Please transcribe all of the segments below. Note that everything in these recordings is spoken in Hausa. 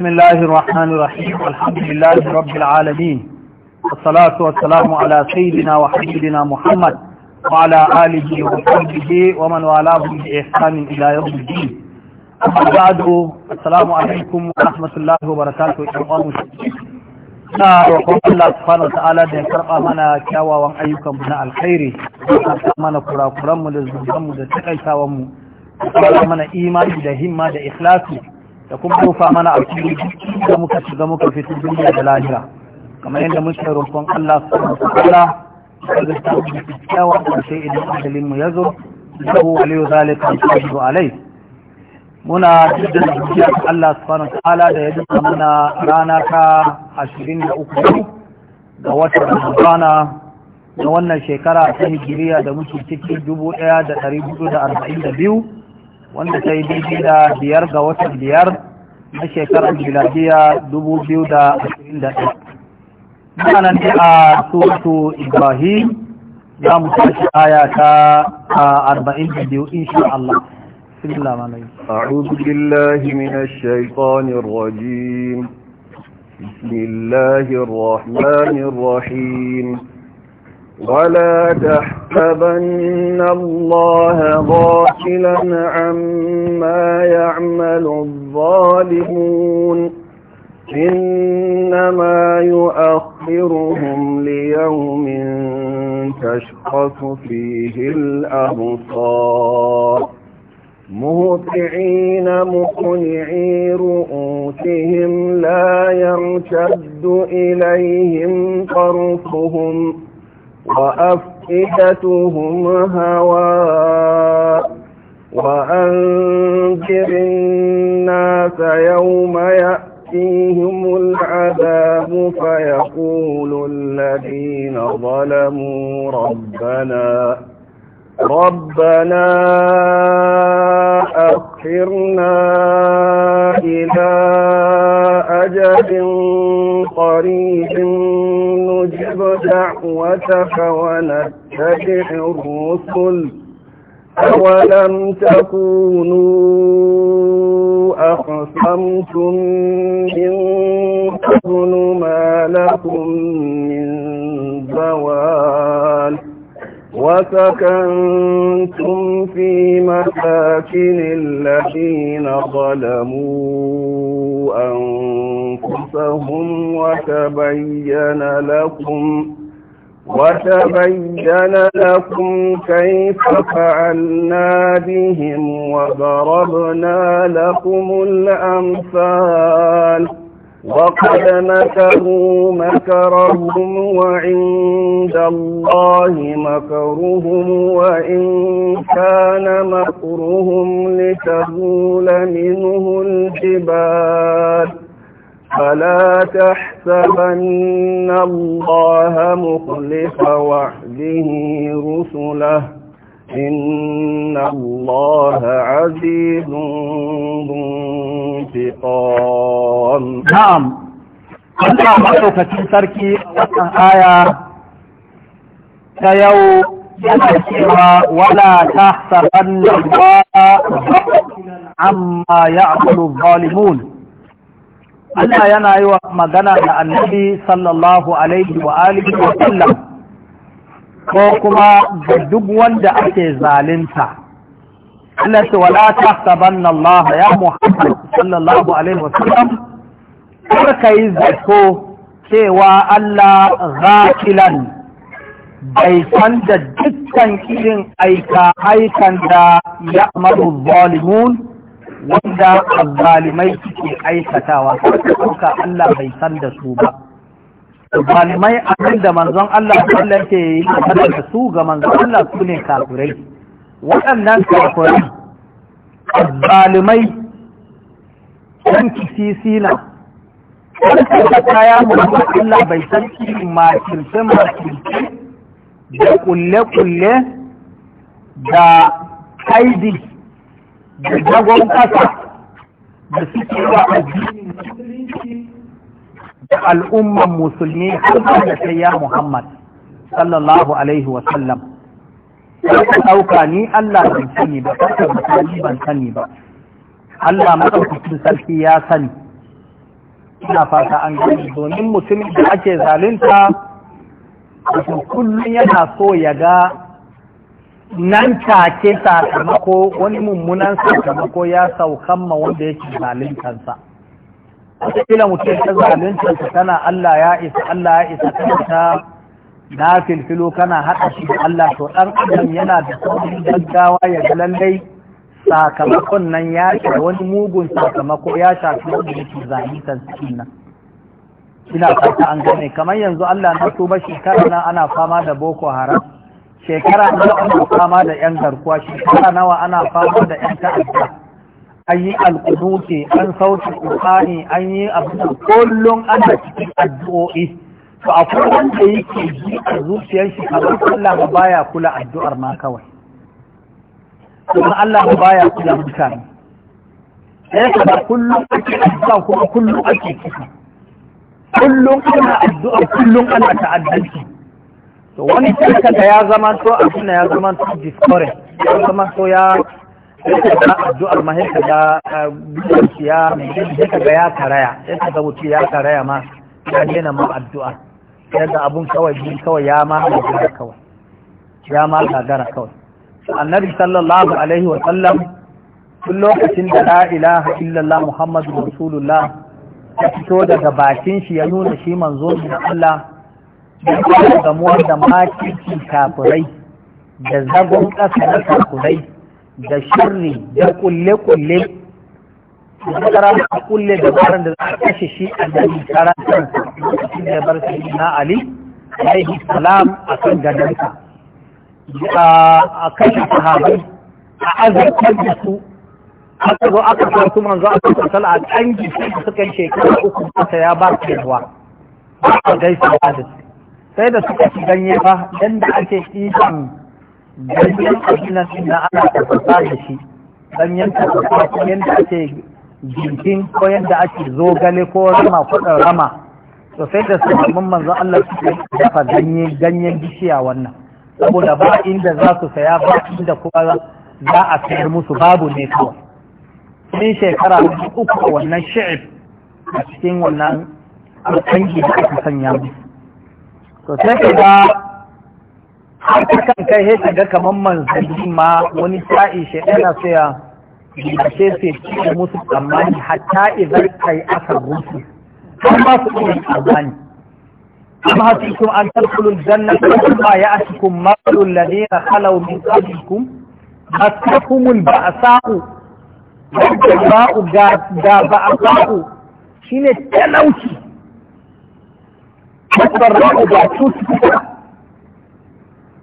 بسم الله الرحمن الرحيم الحمد لله رب العالمين والصلاة والسلام على سيدنا وحبيبنا محمد وعلى آله وصحبه ومن والاه بإحسان إلى يوم الدين أما بعد السلام عليكم ورحمة الله وبركاته na roƙon Allah subhanahu wa ta'ala da ya karɓa mana kyawawan ayyukan mu na alkhairi ya mana kurakuran mu da zuban mu da takaitawan mu ya mana imani da himma da ikhlasi da kuma rufa mana a cikin da muka shiga muka fito duniya da lahira kamar yadda muke roƙon Allah subhanahu wa ta'ala daga cikin kyakkyawa da sai idan adalin mu yazo lahu waliyu zalika alqadru alai muna jiddan zuciya Allah subhanahu wa ta'ala da ya duka mana rana ta 23 ga watan Ramadana na wannan shekara ta hijiriya da muke ciki 1442 wanda ta yi daidai da biyar ga watan biyar na shekarar biladiya 2021 ma'anan da a suratu ibrahim za mu tashi aya ta 42 insha Allah بسم الله أعوذ بالله من الشيطان الرجيم بسم الله الرحمن الرحيم ولا تحسبن الله غافلا عما يعمل الظالمون إنما يؤخرهم ليوم تشخص فيه الأبصار مهطعين مقنعي رؤوسهم لا يرتد إليهم طرفهم وأفئدتهم هواء وأنذر الناس يوم يأتيهم العذاب فيقول الذين ظلموا ربنا ربنا أخرنا إلى أجل قريب نجب دعوتك ونتبع الرسل أولم تكونوا أقسمتم من قبل ما لكم من زوال وسكنتم في مساكن الذين ظلموا أنفسهم وتبين لكم وتبين لكم كيف فعلنا بهم وضربنا لكم الأمثال وقد مكروا مكرهم وعند الله مكرهم وإن كان مكرهم لتزول منه الجبال فلا تحسبن الله مخلف وعده رسله إن الله عزيز انتقام نعم قلت أمرت فتن تركي وطن آية تيو يمسيها ولا تحسبن أن الله عما يعمل الظالمون الله ينعي وقمدنا النبي صلى الله عليه وآله وسلم ko kuma da duk wanda ake zalinta Allah ce wala tahsabanna Allah ya Muhammad sallallahu alaihi wasallam kar kai zato cewa Allah ghafilan bai san da dukkan irin aika aikan da ya amaru wanda azzalimai suke aikatawa kar Allah bai san da su ba zalimai abin da manzon Allah Allah ke yi da su ga manzon Allah su ne kafirai waɗannan kafirai zalimai na. kisisina ɗan kaya manzon Allah bai san makirce makirce da kulle-kulle da kaidi da jagon ƙasa da suke wa addinin al'umman musulmi har da sai ya Muhammad sallallahu alaihi wa sallam ka ɗauka ni Allah ban sani ba ka tabbata ban sani ba Allah madaukakin sarki ya sani ina fata an gani domin mutumin da ake zalunta wato kullum yana so ya ga nan take sakamako wani mummunan sakamako ya sauka ma wanda yake zaluntansa. kila mutum ta zaluncinsa tana Allah ya isa Allah ya isa ta ta na filfilo kana haɗa shi da Allah to ɗan adam yana da saurin gaggawa ya ga lallai sakamakon nan ya ce wani mugun sakamako ya shafi wanda yake ta cikin nan ina fata an gane kamar yanzu Allah na tuba shekara na ana fama da Boko Haram shekara nawa ana fama da yan garkuwa shekara nawa ana fama da yan ta'adda an yi alƙuduti an sauke ƙur'ani an yi abin kullum ana cikin addu'o'i to akwai wanda yake ji a zuciyar shi kamar Allah ba baya kula addu'ar ma kawai kuma Allah ba baya kula mutane sai ka ba kullum ake addu'a kuma kullum ake kisa kullum ana addu'a kullum ana ta'addanci to wani kanka ya zama to abin ya zama to discourage ya zama to ya sai ka addu'ar ma sai ga zuciya eh, sai ga ya karaya sai ka ga wuce ya karaya ma ya daina ma addu'a yadda abun kawai bin kawai ya ma gagara kawai ya ma gagara kawai annabi sallallahu alaihi wa sallam tun lokacin da la ilaha illallah muhammadu rasulullah ya fito daga bakin shi ya nuna shi manzo ne Allah ya fara gamuwa da makici kafurai da zagon ƙasa na kafurai. da shirri da kulle-kulle da kara a kulle da baran da za a kashe shi a jami kara kansa lokacin da ya bar sai na ali yi salam a kan gadonsa a kashe sahabai a azabtar da su aka zo aka sa su manzo a kan sala a da suka yi shekara uku masa ya ba su yawa ba a gaisa da su sai da suka shi ganye fa yadda ake isan ganyen abinan na ana tafasa da shi ganyen tafasa ko yadda ake jinkin ko yadda ake zogale ko rama ko ɗan rama to sai da sababbin manzon Allah su dafa ganye ganyen bishiya wannan saboda ba inda za su saya ba inda kuma za a sayar musu babu ne kawai sun shekara uku wannan shi'ib a cikin wannan kanki da aka sanya musu to sai ka har kan kai he shiga kamar manzanni ma wani sa'i shaidan na saya ce ce cikin musu tsammani hatta idan yi aka rusu har ma su iya tsammani amma hasikum an tadkhulul jannata ma ya'tikum mathalul ladina khalaw min qablikum asakumul ba'sa'u ba'u ga ga ba'sa'u shine talauci kasar ra'u ga tutuka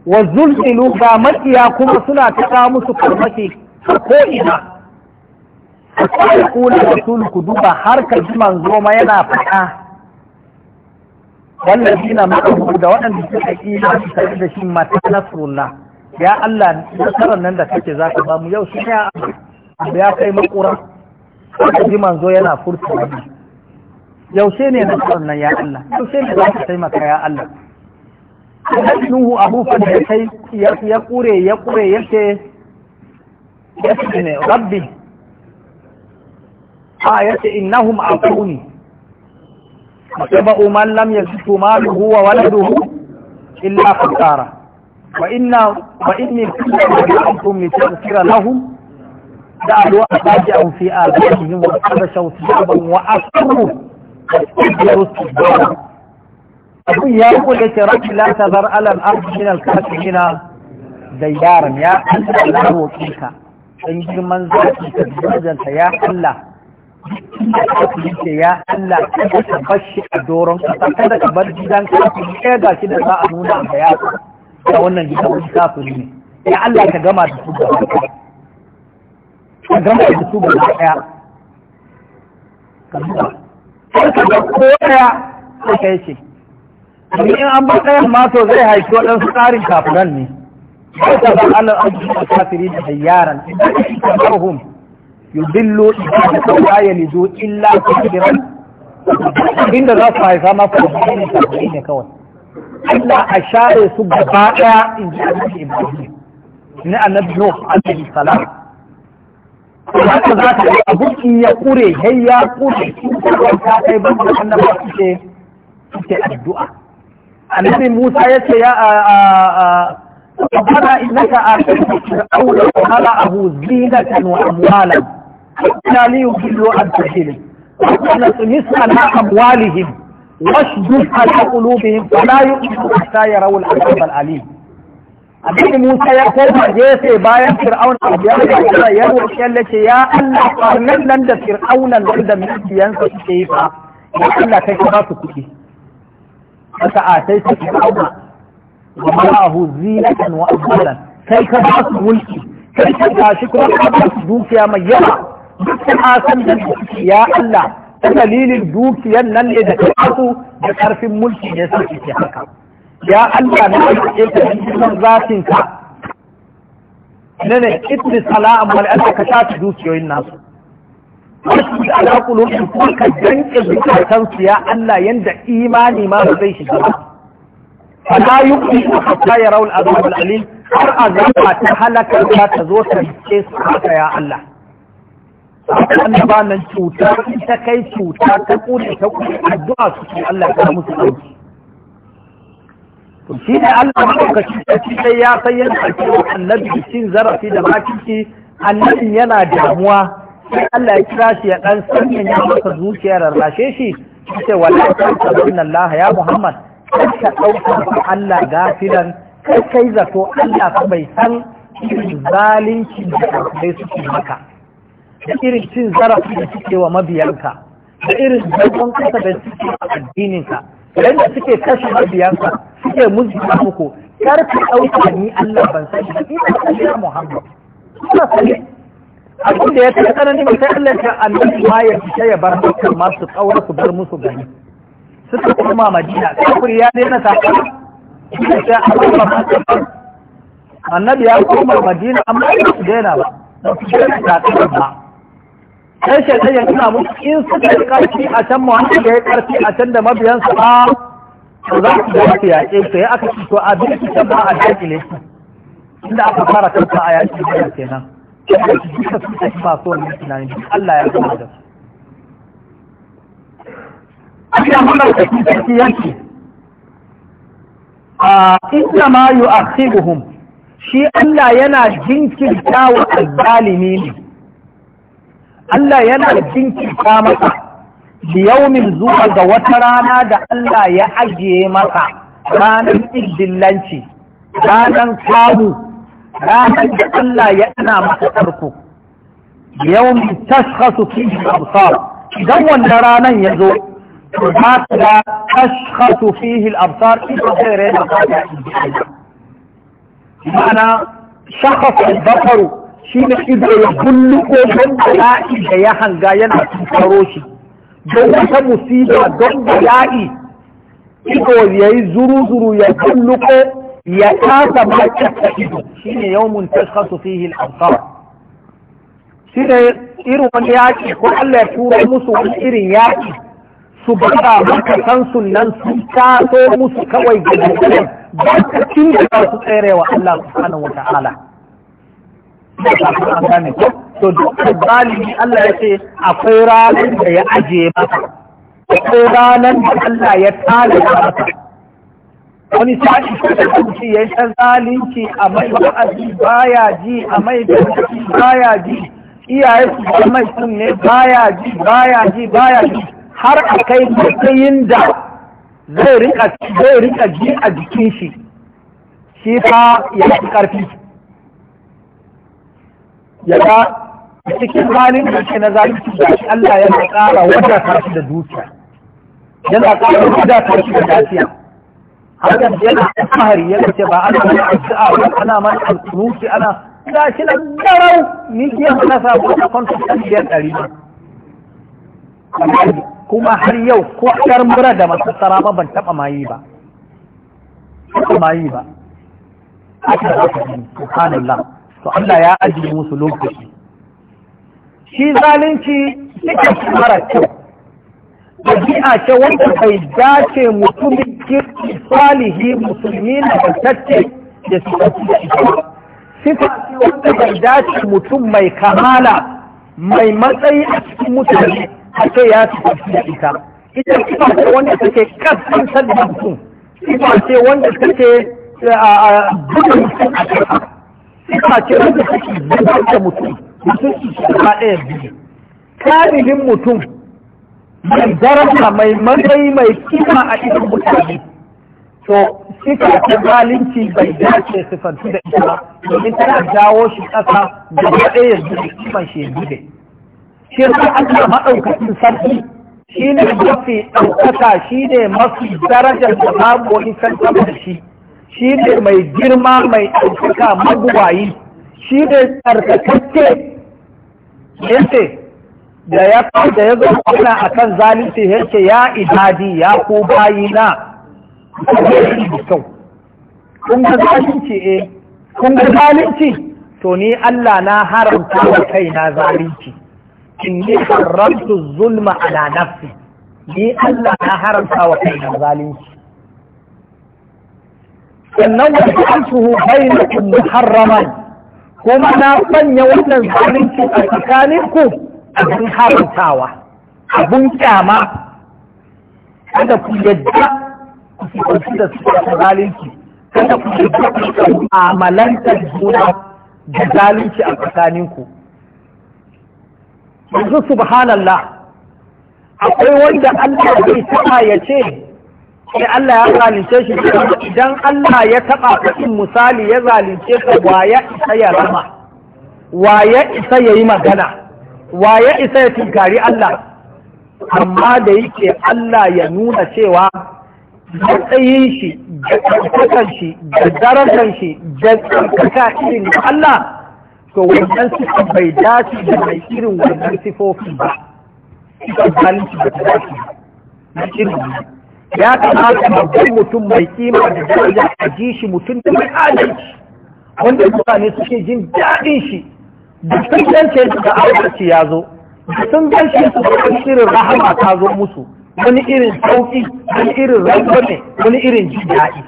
wa zulzilu ga makiya kuma suna ta musu farmaki ko ina sai kula da ku duba har ka ji manzo ma yana faɗa na ma'ahu da waɗanda suka su tare da shi mata nasrullah ya Allah nasarar nan da kake za ka bamu yau shi ya abu ya kai makura ka ji manzo yana furta wani. yaushe ne nasarar nan ya Allah yaushe ne za ka taimaka ya Allah nuhu abu fa da kai ya ya kure ya kure ya ce ya ne rabbi ha ya ce innahum aquni sabu man lam yasfu ma huwa waladuhu illa fakara wa inna wa inni kuntum li tasira lahum da adu abaji an fi adu yin wa kada shawti wa asru wa istijaru tibara abin ya kulle ce rabbi la tazar alal ardi min al kafirina dayyaran ya Allah na roƙe ka dan girman zaki ta dajanta ya Allah ya Allah kada ka bar shi a doron kasa kada ka bar gidan kafiri ɗaya ga shi da za a nuna a ya da wannan gidan wani kafiri ne ya Allah ka gama da su gaba ka gama da su gaba ɗaya ka gama ka ga ko ɗaya sai ka yi shi. domin in an bar ɗayan ma to zai haifi waɗansu tsarin kafinan ne wata ba ala ajiyar kafiri da hayyaran idan ka shi kamarhum yudillu idan ka la yalidu illa kafiran inda za su haifa ma kafirai ne kafin ne kawai Allah a share su gaba ɗaya in ji annabi Ibrahim ni annabi Nuh alaihi salam haka za ta yi in ya kure hayya kure ta kai ban da annabi suke suke addu'a annabi Musa ya ce ya ربنا إنك آتيت فرعون وملأه زينة وأموالا حتى ليضلوا عن سبيلك ربنا طمس على أموالهم واشدد على قلوبهم فلا يؤمنوا a يروا العذاب الأليم Abin Musa ya koma gefe bayan Fir'aun abu ya kuma ya roƙi Allah ce ya Allah farnan nan da Fir'aunan da mikiyansa suke yi ba ya Allah kai ba su kuɗi. aka ataita fir'auna wa ma'ahu zinatan wa amwalan kai ka ba su mulki kai ka tashi kuma ka ba su dukiya mai yawa duk san da ya Allah ta dalilin dukiyan nan ne da kasu da karfin mulki ne su ke haka ya Allah na ake ka cikin zafin ka ne ne itlis ala amwal ka tashi dukiyoyin nasu wasu ala kulubin kuma ka danke zukatan su ya Allah yanda imani ma ba zai shiga ba fala yuqi hatta yaraw al-azab al-alim har azaba ta halaka za ta zo ta rike su haka ya Allah annaba nan cuta ta kai cuta ta kure ta kure addu'a su ce Allah ya musu dauki to shi ne Allah madaukaki ta ci ya san yadda ake annabi cin zarafi da makici annabin yana damuwa sai Allah ya kira shi ya dan sanya ya masa zuciyar rarrashe shi sai wallahi ta inna Allah ya Muhammad kai ka dauka Allah gafilan kai kai zato Allah fa bai san zalunci da kai suke maka da irin cin zarafi da suke wa mabiyanka da irin zagon kasa da suke a addininka yadda suke kashe mabiyanka suke muzika muku kar ka ɗauka ni Allah ban san shi ina Muhammad abin da ya ta tsanani ba sai Allah ta annabi ma ya fita ya bar dukkan masu kaura su bar musu gari suka koma Madina kafir ya daina saka ya ce Allah ma annabi ya koma Madina amma ba su daina ba ba su daina saka ba sai shaitan ya nuna musu in suka yi karfi a can mu da ya karfi a can da mabiyansa ba to za su dace yaƙe su ya aka ci to abin su ba a dakile su inda aka fara kanta a yaƙi kenan duka sun tafi masu wani tunanin duk Allah ya gama da su. Allah mana da kuma sarki yanki. A inna ma yu'akhiruhum shi Allah yana jinkirta wa azzalimi ne. Allah yana jinkirta masa liyaumin zuwa ga wata rana da Allah ya ajiye masa ranar iddillanci, ranar kamu ranar da Allah ya ana masa tarko yawmin tashkhasu fihi al-absar idan wannan ranar ya zo to za ka ga tashkhasu fihi al-absar idan zai rena fata ma'ana shakhas al-basaru shine ido ya kullu ko bala'i da ya hanga yana tsaro shi don wata musiba don bala'i ido ya yi zuru-zuru ya kullu ko ya kasa bacci ta ido shine yawmun tashkhasu fihi al-absar shine irin wani yaki ko Allah ya tura musu wani irin yaki su bada baka san sunan su taso musu kawai ga dukkan ba ta cinye za su tserewa Allah subhanahu wa ta'ala an gane ko to duk zalimi Allah ya ce akwai ranar da ya ajiye masa akwai ranar da Allah ya tale masa wani sashi ko da kanci ya yi ta zalunci a mai ba ya ji a mai ba ya ji iyaye su ba mai kunne ya ji ba ya ji ba baya ji har a kai matsayin da zai rika zai ji a jikin shi shi fa ya fi karfi ya ga cikin halin da ke na zalunci da Allah ya ƙara wadata shi da dukiya yana ƙara wadata shi da lafiya hakan yana alfahari ya ce ba ana mana addu'a ana mana alkunuki ana ga shi nan garau ni iya na samu a kwantar biyar ɗari kuma har yau ko yar mura da masassara ba ban taɓa mayi ba taɓa mayi ba aka zaka ne subhanallah to Allah ya ajiye musu lokaci shi zalunci cikin mara kyau ɗabi'a ce wanda bai dace mutumin kirki salihi musulmi na bantacce da su sifa ce wanda bai dace mutum mai kamala mai matsayi a cikin mutane a ce ya fi da ita ita sifa ce wanda take kasantar da mutum sifa ce wanda take buga mutum a ƙasa sifa ce wanda take da mutum mutum su shi ɗaya biyu kamilin mutum mai daraja mai matsayi mai kima a idan mutane to suka ta zalunci bai dace sifantu da ita domin tana jawo shi ƙasa da ɗaya ya da kiman shi yanzu ne shi yasa Allah maɗaukacin sarki shi ne mafi ɗaukaka shi ne mafi darajar da babu wani san da shi shi ne mai girma mai ɗaukaka maguwayi shi ne tsarkakakke yace da ya da ya zo kuna a kan zalunci ya ce ya idadi ya ko bayi na kyau kun ga zalunci eh kun ga zalunci to ni Allah na haramta wa kaina zalunci ni haramtu zulma ala nafsi ni Allah na haramta wa kaina zalunci sannan wa ta'amsuhu bainakum muharraman kuma na sanya wannan zalunci a tsakaninku abin harantawa abin kyama kada ku yadda ku kwanci da su da zalunci kada ku yadda ku a mu'amalantar juna da zalunci a tsakaninku yanzu subhanallah akwai wanda Allah zai taɓa ya ce sai Allah ya zalunce shi idan Allah ya taɓa kasin misali ya zalunce ka wa ya isa ya rama wa ya isa ya yi magana wa ya isa ya tunkari Allah amma da yake Allah ya nuna cewa matsayin shi da shi da shi da irin Allah to wannan sifa bai dace da mai irin wannan sifofin ba sifar zalunci da dace na irin ya kamata babban mutum mai kima da daraja a ji shi mutum da mai adalci wanda mutane suke jin daɗin shi da sun gance su da albarci ya zo da sun gance su da wani irin rahama ta zo musu wani irin sauki wani irin rayuwa ne wani irin jin daɗi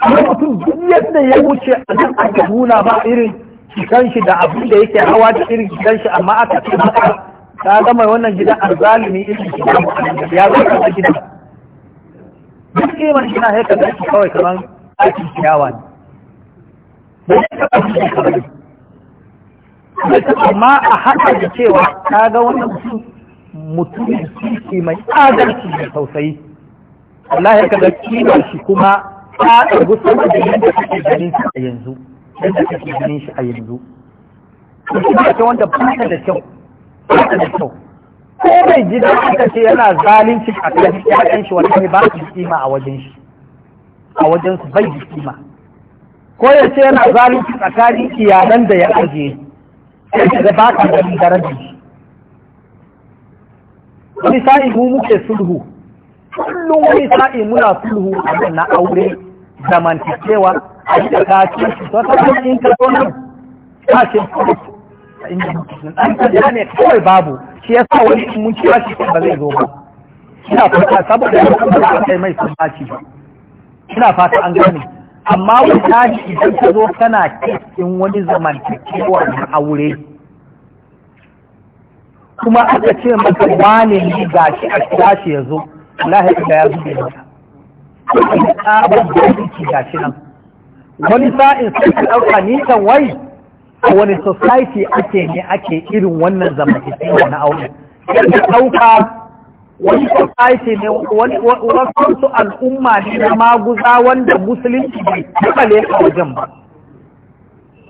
amma mutum duk yadda ya wuce a nan aka nuna ba irin cikan shi da abin da yake hawa da irin cikan shi amma aka ce maka ta gama wannan gidan arzalimi irin cikan ya zo ka gidan duk kiman shi na haika da shi kawai kamar aikin ciyawa ne amma a haɗa da cewa ta ga wannan mutum mutumin kirki mai adalci da tausayi Allah ya kaga kimar shi kuma ta ɗagu sama da yadda kake ganin shi a yanzu yadda kake ganin shi a yanzu kuma ta wanda ba da kyau ba ta da kyau ko bai ji da aka ce yana zalunci a kan ƴaƴan wani wanda ba su kima a wajen shi a wajen su bai da kima ko ya ce yana zalunci tsakanin iyalan da ya ajiye sai da ba ka ganin darajar wani sa'i mu muke sulhu kullum wani sa'i muna sulhu a na aure zamantakewa a yi da kacin shi to ta in ka zo nan kacin in ji mutum an ka ne kawai babu shi ya sa wani mun cewa shi ba zai zo ba ina fata saboda ya kuma ba kai mai sun ba ina fata an gani. amma wuta ne idan ka zo kana cikin wani zamantakewa na aure kuma aka ce maka wane ne ga shi a shiga shi ya zo Allah ya ya zube maka wani tsabar da yake ga shi nan wani sa'in sai ka ɗauka ni kan wai a wani society ake ne ake irin wannan zamantakewa na aure sai ka ɗauka wani society ne wasu al'umma ne na maguza wanda musulunci ya taɓa a wajen ba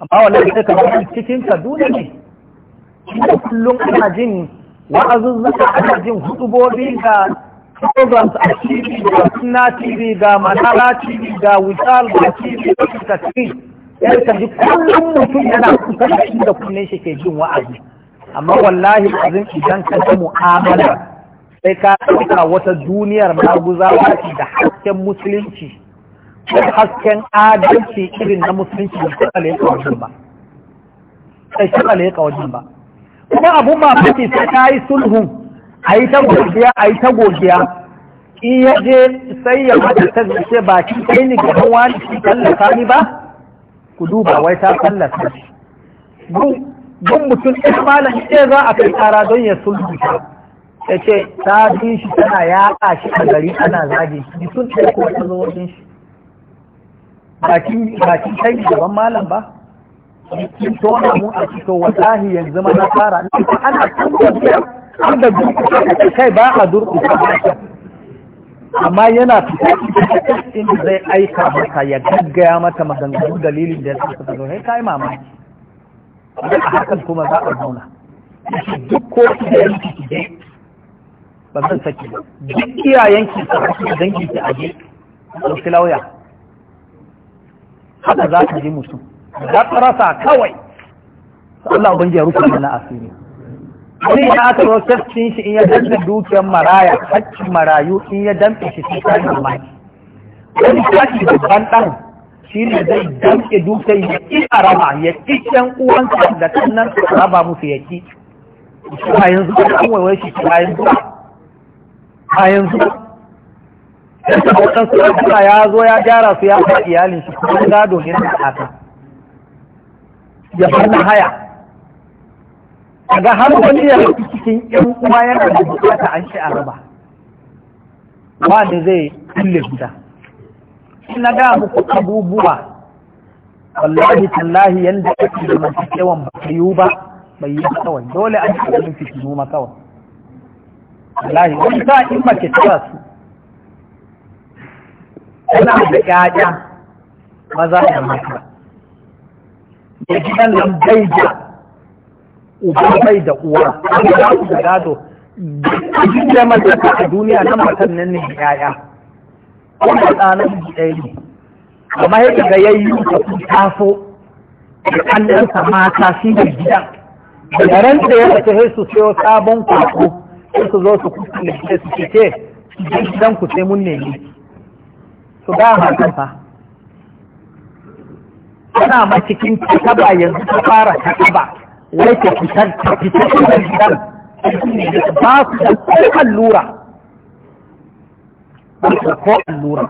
amma wannan sai ka zama cikin kaduna ne da kullum ana jin wa'azuzzuka ana jin hutubobi ga programs a tv ga suna tv ga manara tv ga wisal ga tv ga tattaki ya ka ji kullum mutum yana kusa da inda kullum shi ke jin wa'azi amma wallahi azin idan ka ji mu'amala sai ka ɗauka wata duniyar maguzawa ce da hasken musulunci ko hasken adalci irin na musulunci da suka leƙa wajen ba sai suka leƙa wajen ba kuma abun ba fati sai ta yi sulhu, a yi ta godiya a yi ta godiya in ya je sai ya mata ta zace ba ki kai ni ga wani ki tallafa ni ba ku duba wai ta tallafa Gun mutum ɗaya malam ɗaya za a kai tsara don ya sulhu ya ce ta fi shi tana ya shi a gari ana zagi shi sun ce ko ta zo wajen shi bakin bakin kai gaban malam ba to tona mu a ciki wallahi yanzu ma na fara ana tantance an da durƙusa kai ba a durƙusa amma yana fita in zai aika maka ya gaggaya mata maganganu dalilin da ya sa ta zo sai kai mamaki a hakan kuma za a zauna duk ko da yake ba zan saki ba duk iyayenki su haka da danginki a je ɗauki lauya haka za ka ji mutum za ka rasa kawai Allah ubangiji ya rufe mana asiri wani ya aka zo tafcin shi in ya danta dukiyar maraya haccin marayu in ya danta shi sai kayan mamaki wani kashi babban ɗan shi ne zai damɗe dukiyar ya ƙi a raba ya ƙi ƴan uwansa da kannan raba musu ya ƙi shi yanzu ba an waiwai shi yanzu ba. a yanzu yadda waɗansu ya zo ya gyara su ya ba iyalin shi kuma gado ne na haka ya bar haya a ga har wani ya rufe cikin 'yan uwa yana da bukata an shi a raba da zai kulle gida na ga muku abubuwa wallahi tallahi yanda ake da masu yawan ba ba yi kawai dole an yi fitinu ma kawai wallahi wani sa in mace ta su tana da ƴaƴa maza da mata da gidan nan bai uba bai da uwa an da su da gado duk da mace ta a duniya nan matan nan ne ƴaƴa wanda tsanan ɗaya ne amma yadda ga yayi ka sun taso da kallon mata shi da gidan da ran da ya mace sai su sabon kwako sai su zo su kusa da ke su ce dan ku sai mun nemi su ga hakan fa tana ma cikin kaba yanzu ta fara takaba wai ta fitar ta fitar da gidan ba su da ko allura ba su da ko allura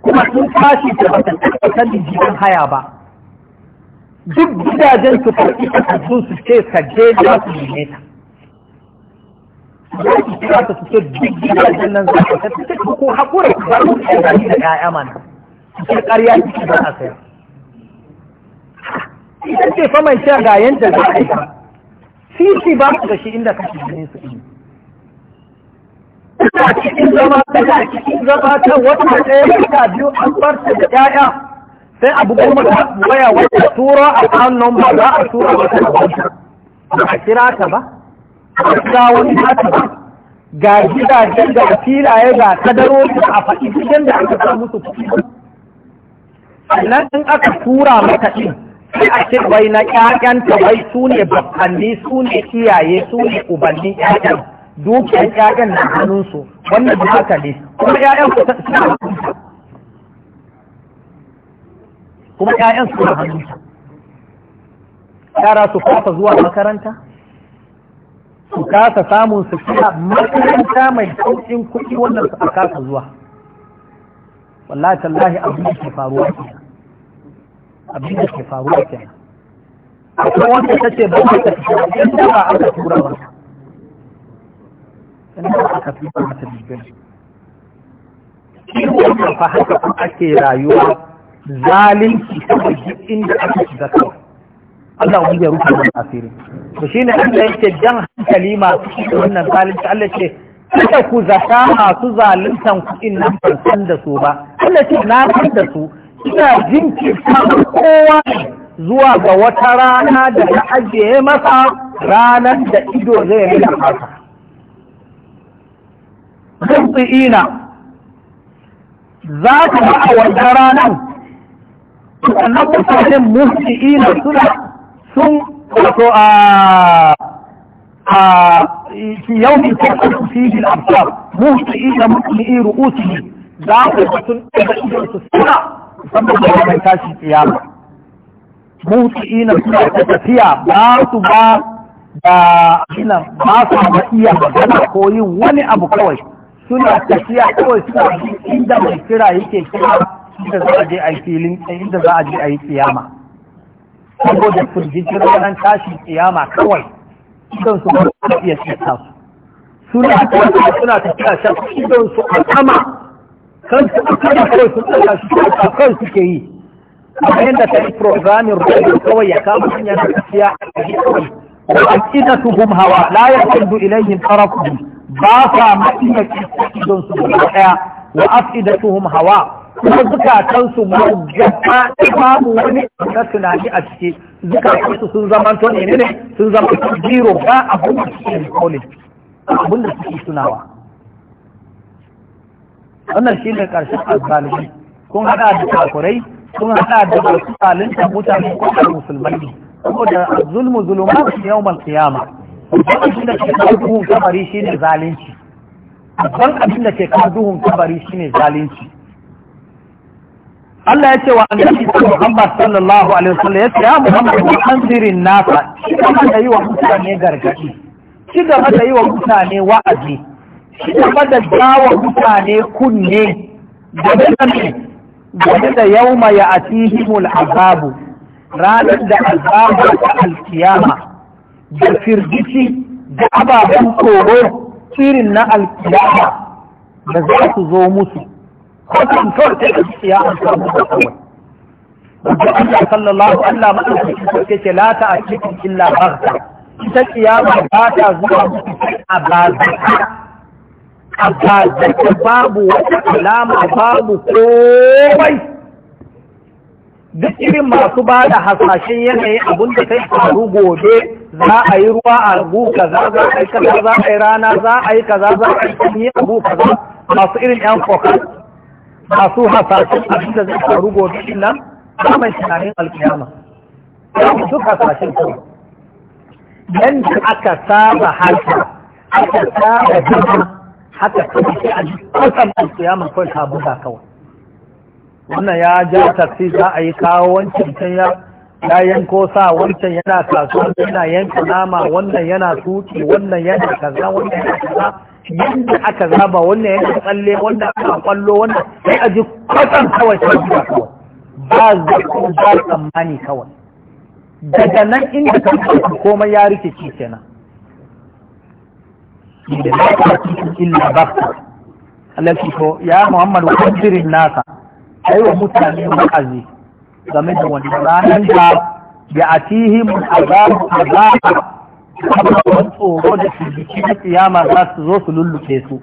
kuma sun tashi da ba ta tabbatar da gidan haya ba duk gidajen su farki a su ce ka je za su yi ta za ki ku bar mu da da ƴaƴa mana sai ƙarya ba a ce fa mai ga yanda za a sisi ba su gashi inda kake su cikin zama cikin zama ta wata ɗaya ta biyu an bar da ƴaƴa sai abu goma ta waya wata tura a kan nan ba za a tura ta ba a kira ta ba ga wani haka ga gidajen ga filaye ga kadarori a faɗi cikin da aka sa musu kuɗi sannan in aka tura maka ɗin sai a ce bai na ƴaƴanta bai su ne babbanni su ne iyaye su ne ubanni ƴaƴan dukiyar ƴaƴan na hannunsu wannan ba haka ne kuma ƴaƴan ku suna kuma ƴaƴan suna hannunsa yara su fasa zuwa makaranta su kasa samun su kira makaranta mai sauƙin kuɗi wannan su a kasa zuwa wallahi tallahi abin da ke faruwa kenan abin da ke faruwa kenan akwai wanda ta ce ba ta fi in da ba aka tura ba in da ba aka fi ba ta bibin kiwon da fa haka ake rayuwa zalunci saboda inda aka shiga kawai Allah wani ya rufe wani asiri to shine Allah yake jan hankali ma? cikin wannan zalunci Allah ce kada ku zata masu zaluntan kuɗin nan ban san da su ba Allah ce na san da su ina jinkirta kowa zuwa ga wata rana da na ajiye masa ranar da ido zai rika masa ina za ka ba a wata ranar sannan mutanen muhti'ina suna sun wato a yau ne ko kuma su yi al'amfar mu su yi da mutum yi rubutu ne za ku sun ɗaga idan su suna musamman da wani tashi tsiyama mu su yi na suna da tafiya ba su ba da gina ba su ba iya magana ko yin wani abu kawai suna tafiya kawai suna yi inda mai kira yake kira inda za a je a yi filin inda za a je a yi tsiyama. saboda firgicin ranar tashi kiyama kawai idan su ba su iya shakka su suna tafiya suna tafiya idan su a sama kansu a sama kawai su tsaka su shakka yi amma yadda ta yi programin rubutu kawai ya kama hanya da tafiya a cikin kawai وأفئدتهم هواء لا يرتد إليهم طرفهم باطا ما إنك إذن سبحانه وأفئدتهم hawa. kuma zukatansu ma gaba babu wani na tunani a ciki zukatansu sun zama to ne ne sun zama to ba abun da suke recalling abun da suke tunawa wannan shi ne ƙarshen azzalimi kun haɗa da takurai? kun haɗa da masu zalunta mutane ko da musulmani ne saboda zulmu zuluma su yau mal kiyama babban abin da ke kawo duhun kabari shi ne zalunci abin da ke kawo duhun kabari shi ne zalunci Allah ya ce wa annabi Muhammad sallallahu alaihi wasallam ya ce ya Muhammad anzirin nasa shi gaba da yi wa mutane gargadi shi gaba da yi wa mutane wa'azi shi gaba da jawo mutane kunne da ne game da yauma ya atihimul azabu ranar da azabu ta alkiyama da firgici da ababen tsoro irin na alkiyama da za su zo musu ko kan kawai sai ka ji ya an samu da kawai Wajen Allah sallallahu Allah maɗaukaki ko ke ce la ta a cikin illa barka. Ita kiyama ba ta zuwa mutu a bazaka. A bazaka babu wata alama babu komai. duk irin masu ba da hasashen yanayin abin da kai faru gobe za a yi ruwa a gu kaza za a yi kaza za a yi rana za a yi kaza za a yi abu kaza masu irin yan fokas masu hasashen abin da zai faru gobe din nan ba mai tunanin alkiyama duk hasashen kawai yanda aka saba harka aka saba zama haka kawai sai a ji kusan alkiyama kawai ta buga kawai wannan ya ja taksi za a yi kawo wancan can ya yanko sa wancan yana kasuwa yana yanka nama wannan yana tuki wannan yana kaza wannan yana kaza yadda aka zaba wannan yana tsalle wannan aka kwallo wannan sai a ji kwatsan kawai ta gida kawai ba zato ba tsammani kawai daga nan inda ka kwatsa komai ya rike kenan da za ka cikin illa ba alaƙi ko ya muhammad wajirin nasa ai wa mutane wa'azi game da wani ranar da ya atihi mun azabu azaba abubuwan tsoro da firgici na kiyama za su zo su lulluce su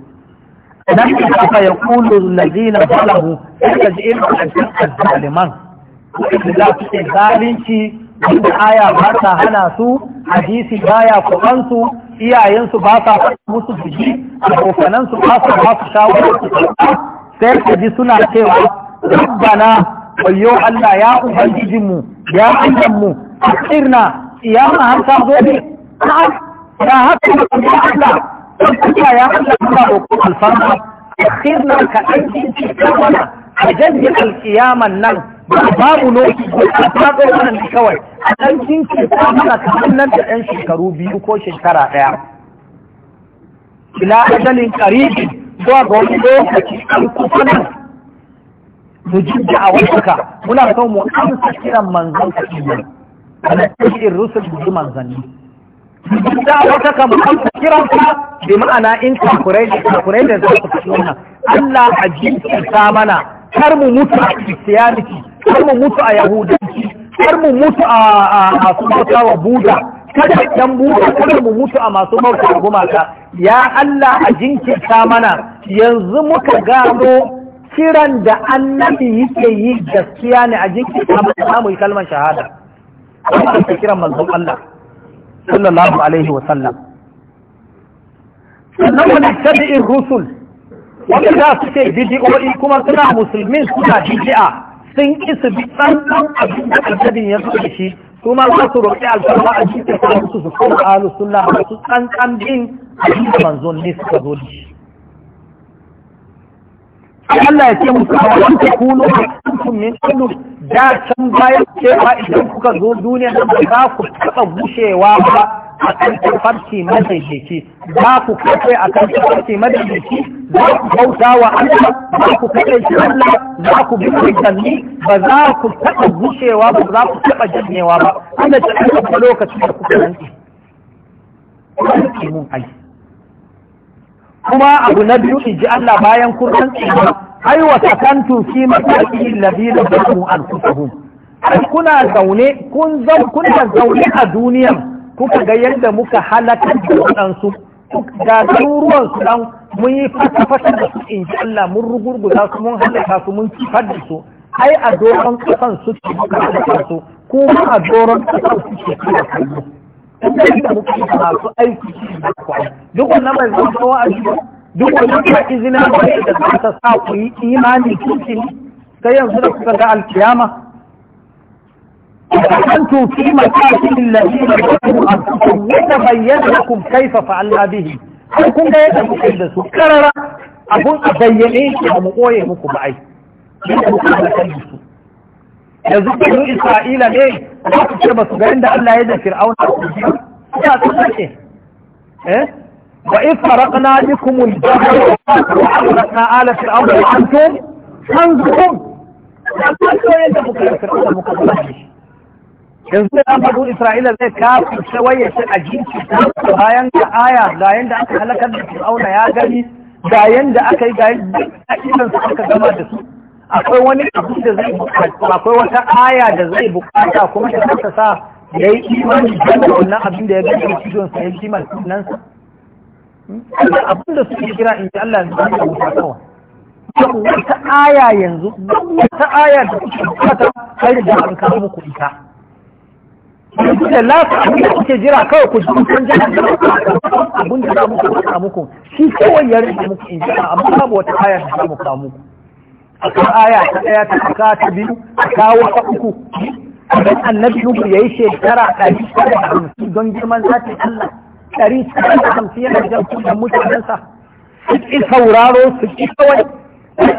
idan ka kafa ya kulu lazina zalahu sai ka ji irin ƙarshen azzaliman wanda za su ce zalunci wanda aya ba ta hana su hadisi baya su, iyayensu ba sa musu jiki abokanansu ba sa ba su su sai ka ji suna cewa rabbana wayo Allah ya ubangijinmu ya mu, a tsirna iyama har ta zo ne ya haka ya Allah don kuka ya Allah muna roƙon alfarma akhirna ka a nan ba mu lokaci ko a tsakar ne kawai a ɗan nan da 'yan shekaru biyu ko shekara ɗaya Ina ajalin ƙaribi zuwa ga wani lokaci muna son mu manzanni da wata kamar ka kiran ka bi ma'ana in kafurai da kafurai da zai kusa wannan Allah a jinta mana kar mu mutu a Christianity kar mu mutu a Yahudanci kar mu mutu a su bauta wa Buda kada dan Buda kada mu mutu a masu bauta wa gumaka ya Allah a jinkirta mana yanzu muka gano kiran da annabi yake yi gaskiya ne a jinkirta mana za mu yi kalmar shahada. Kuma kiran manzon Allah. sallallahu alaihi wa sallam sannan wani tabi'in rusul wanda za su ce bidi'o'i kuma suna musulmin suna bidi'a sun ki su bi tsantsan abin da annabin ya da shi su ma za su roƙi alfarma a jikin su su kuma alu sunna su tsantsan din abin da manzon ne suka zo da shi Allah ya ce musu a wani ta kuno a cikin min kullu da can bayan cewa idan kuka zo duniya nan ba za ku taɓa bushewa ba a kan tafarki madaidaici za ku kafe a kan tafarki madaidaici za ku bauta wa Allah za ku kafe shi Allah za ku bi kanni ba za ku taɓa bushewa ba za ku taɓa janyewa ba Allah ta ce ba lokacin da kuka rantsi. Wani mun aiki. kuma abu na biyu in ji Allah bayan kurkan tsina ai wa sakantu fi masakin ladina basu anfusahum kuna zaune kun zan kuna zaune a duniya kuka ga yadda muka halaka da wadansu da ruwan su dan mun yi fata-fata da su in ji Allah mun rugurguza su mun halaka su mun kifar da su ai a doron kasan su ke su kuma a doron kasan su ke halaka in da muka yi masu aiki a duk duk wannan ka izina bai da za ta sa ku yi imani cikin sai yanzu da kuka ga alkiyama أنتم في Kuma الذين ظلموا أنفسهم وتبين لكم كيف فعلنا kun ga yadda muka da su karara abun a bayyane shi mu koye muku ba ai yadda muka halakar su yanzu kuma isra'ila ne za su ce ba su ga inda Allah ya da fir'auna a kujiya ya su sake eh wa in faraqna bikum al-jabal wa aghraqna ala fir'auna wa antum tanzurun amma to yadda muka da fir'auna muka da shi yanzu da banu Isra'ila zai kafa shawaye shi a jinki bayan ga aya ga yanda aka halakar da fir'auna ya gani ga yanda aka yi ga yanda aka gama da su akwai wani abu da zai bukata akwai wata aya da zai bukata kuma ta kasa sa ya yi imani da wannan abin da ya gani cikin sa ya yi kiman nan sa abin da suke kira in ji Allah ya ba ta wuta wata aya yanzu wata aya da suke bukata kai da an kawo muku ita yanzu da lafi abin da kuke jira kawai ku ji kun ji abin da za mu kawo muku shi kawai ya rinka muku in ji amma babu wata aya da za mu kawo muku a kan aya ta ɗaya ta kaka ta biyu a kawo ta uku don annabi nuhu ya yi shekara ɗari da hamsin don girman zatin Allah ɗari da hamsin yana jan kuɗin mutanensa su ƙi sauraro su ƙi kawai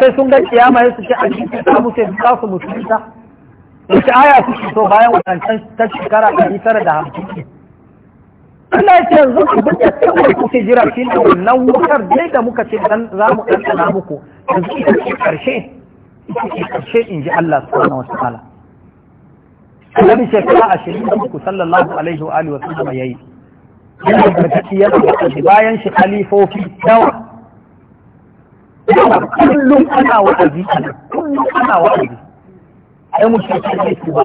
sai sun ga kiyama ya su ce a cikin samu sai su kasu mutunta wace aya su ce so bayan wancan ta shekara ɗari tara da hamsin Allah ya ce yanzu abin da kawai kuke jira shi ne wannan wutar dai da muka ce dan za mu ɗanɗana muku yanzu ita ce ƙarshe ita ce ƙarshe in ji Allah subhanahu wa annabi shekara ashirin da uku sallallahu alaihi wa alihi wa yayi yana gargaɗi yana bayan shi khalifofi yawa kullum ana wa'azi kullum ana wa'azi ai mu shi ne su ba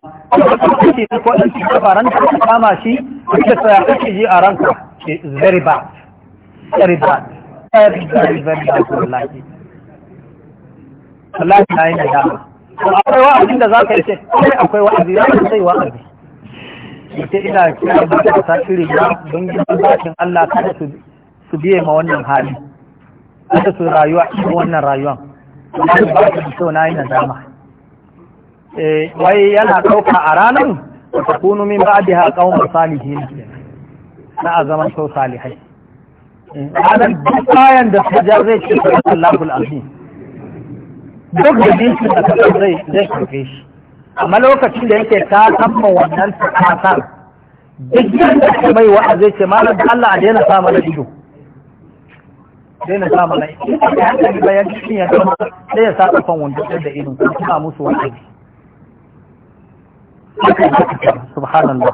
kace ne ko dan ka faran ta kama shi ka tsaya kake ji a ranka very bad very bad very very very bad Allah ya yi nadama to akwai wa'azi da za ka yi ce akwai wa'azi ya ce sai wa'azi ita ina kira ba ta ta shiri ba don gina bashin Allah kada su biye ma wannan hali kada su rayuwa cikin wannan rayuwa. Allah ba ta so na yi nadama eh wai yana ɗauka a ranar ta kunu min ba ba'diha qauman salihin na azaman sau salihai eh, ranar duk bayan da ta zai ce sallallahu alaihi duk da bincin da kasar zai zai karfe shi amma lokacin da yake ta kama wannan kasar duk da ka mai wa'azi ce malam da Allah a daina sa mana ido daina sa mana ido ya hankali bayan cikin ya zama sai ya sa kafan wanda da ido kuma kuma musu wa'azi subhanallah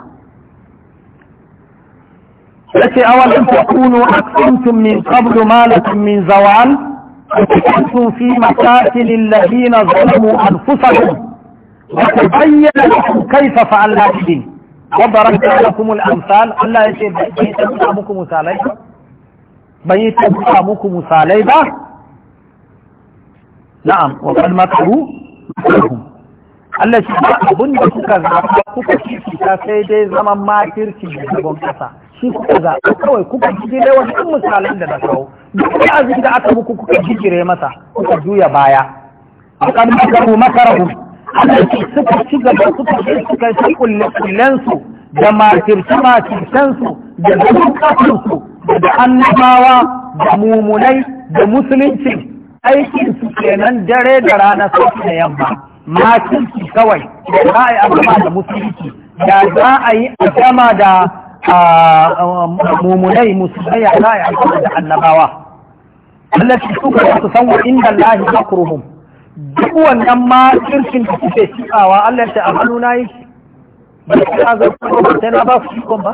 yace awalan takunu aksantum min qablu malakum min zawal وتكنتم في مقاتل الذين ظلموا أنفسهم وتبين لكم كيف فعلنا بهم وضربت لكم الأمثال الله يشهد بأي تبقى مكم مثالي بأي تبقى مكم مثالي na'am wa kan makaru Allah shi ba abun da kuka zaɓa kuka fifita sai dai zaman makirci da gaban ƙasa shi kuka zaɓa kawai kuka ji dai wasu misalan da na kawo duk wa'azin da aka muku kuka jikire masa kuka juya baya A akan makaru makarahu Allah ce suka ci gaba suka ce suka shi kullensu da makirce makircensu da dukkansu da annabawa da mumunai da musulunci aikin su kenan dare da rana sai da yamma makirci kawai da za a yi azama da musulunci da za a yi azama da mumunai musulmai da za a yi azama da annabawa allati suka su san wa inda Allah makruhum duk wannan ma kirkin da suke cikawa Allah ta amalu nayi ba ta ga ko ta na ba su kon ba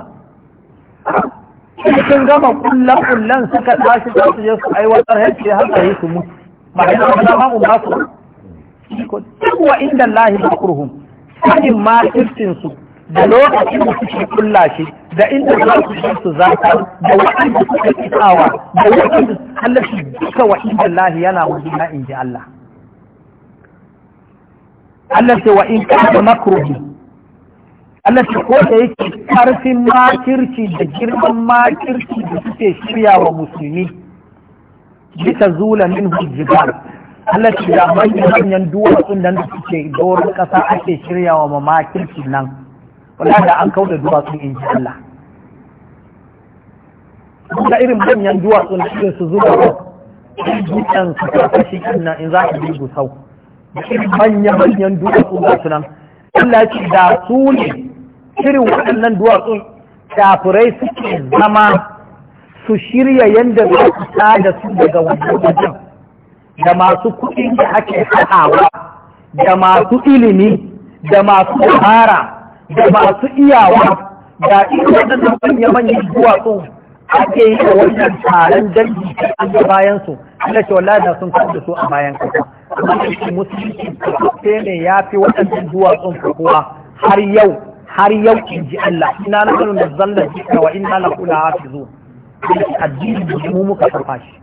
sun gama kullan kullan suka tashi za su je su aiwatar hajji har sai su mutu ba da ba mu ba su duk wa inda Allah makruhum sanin ma kirkin su da lokacin da suke kullashi da inda za su yi su zata da waɗanda suka kitawa da waɗanda su shi duka wa inda Allah yana wajina in ji Allah Allah ce wa in kana makruhi Allah ce ko da yake karfin makirci da girman makirci da suke shirya wa musulmi bisa zula min hujjibar Allah ce da manyan manyan duwatsun nan da suke doron ƙasa ake shirya wa makirci nan wala da an kauda duwatsu in ji Allah da irin manyan duwatsu na irin su zuba ba dutsen su karkashi ina in za a bi gusau da irin manyan manyan duwatsun na su nan Allah ce da su ne shirin waɗannan duwatsun shafurai suke zama su shirya yadda za su da su daga wannan wajen da masu kuɗin da ake haɗawa da masu ilimi da masu tsara da masu iyawa da da waɗannan manya-manyan duwatsu ake yi da wannan taron dangi an ga bayan su Allah ce wallahi da sun kawo da su a bayan kasa amma shi musulunci sai ne ya fi waɗannan sun kuwa har yau har yau in ji Allah ina na kanu da zallar jika wa ina na kula hafizu addini da mu muka sarfa shi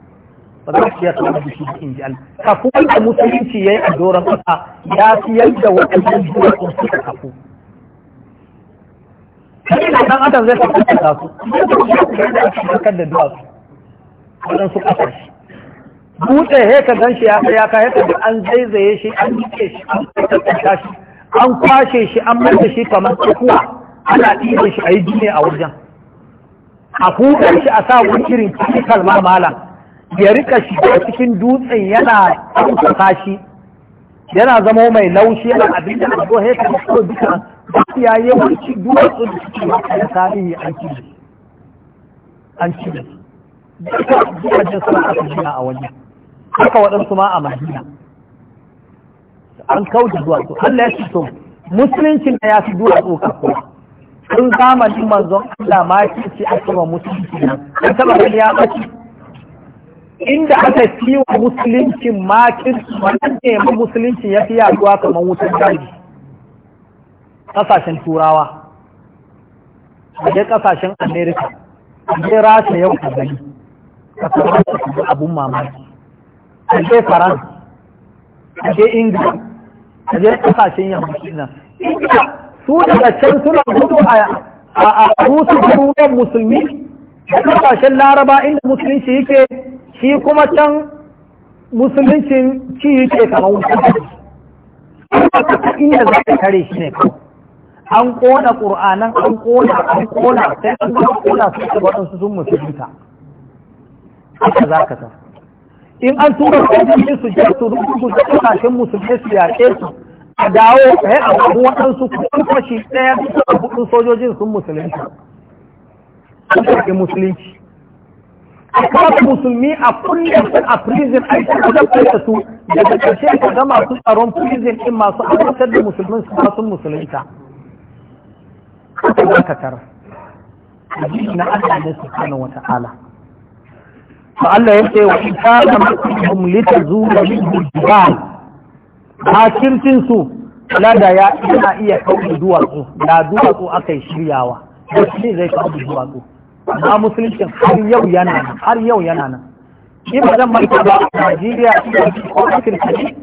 ba za su yasa da shi in ji Allah kafu wanda musulunci ya yi a doron ƙasa ya fi yadda waɗannan duwatsun suka kafu kai da dan adam zai tafi da su kan da duwatsu wajen su kafar shi dutse he ka gan shi ya kai ya kai da an zaizaye shi an dike shi an tattaka shi an kwashe shi an mai shi kamar tsakuwa ana ɗiban shi a yi jini a wajen a hudar shi a sa wani irin chemical ma malam ya rika shi a cikin dutsen yana tsakuka shi yana zama mai laushi yana abin da a zo he ka ko duka ya yawanci duwatsu da suke maka sami yi an cire an cire duka jin suna a gina a wani haka waɗansu ma a madina an kauce duwatsu Allah ya ce to musulunci na ya fi duwatsu kafuwa sun zamanin manzon Allah ma shi ce a kuma musulunci na an taba gani ya ɓaci inda aka fi wa musuluncin ma kirki wannan ne ma musulunci ya fi yaduwa kamar wutar daji kasashen turawa a je kasashen amerika a je rasha yau ka gani kasar rasha ka ga abun mamaki a je faransa a je ingila a je kasashen yammacin nan su daga can suna gudu a rusu garuruwan musulmi da kasashen laraba inda musulunci yake shi kuma can musuluncin ci yake kamar wuta inda za ka kare shi ne kawai an ƙona ƙur'anan an ƙona an ƙona sai an gama ƙona su ta waɗansu sun musulunta haka za ka ta in an tura ƙwaƙwaƙin su je su rubutu da ƙasashen musulmi su yaƙe su a dawo a yi abu waɗansu kuɗin fashi ɗaya a buɗin sojojin sun musulunta sun shaƙi musulunci a kafa musulmi a kullum a prison a ita a kai da su daga ƙarshe ka ga masu tsaron prison ɗin masu abubuwan da musulmin su sun musulunta. ka tarar na Allah ne subhanahu wata'ala fa Allah ya ce wa in mutum makum litazura minhu jibal hakircin su lada ya ina iya kauce duwatsu da duwatsu aka yi shiryawa da shi zai kauce duwatsu amma musulunci har yau yana nan har yau yana nan Shi ba zan manta ba a Najeriya ina cikin kirkiri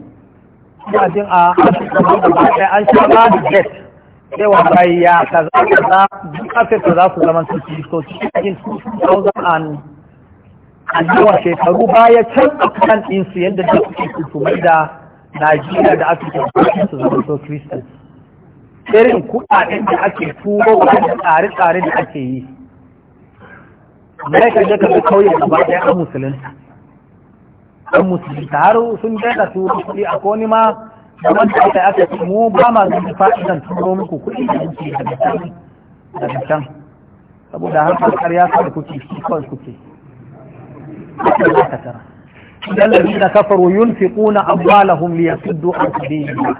ina jin a harshen da sai an sha ba da cewa bai ya kaza duk afirka za su zama su kiristoci cikin 2000 yawa shekaru baya can a kan ɗinsu yadda da suke kusumai da najeriya da afirka su zama so kristal irin kuɗaɗen da ake turo wani tsare-tsare da ake yi Amerika ka kauye gaba ɗaya an musulunta musulunta har sun daina turo kuɗi a koni ma kamar da aka aka ce mu ba ma zan fa'idan turo muku kuɗi da muke da misali da mishan saboda harkar ƙarya kawai kuke shi kawai kuke haka za ka tara idan lalina kafaru yunfiquna amwalahum liyasuddu an sabilillah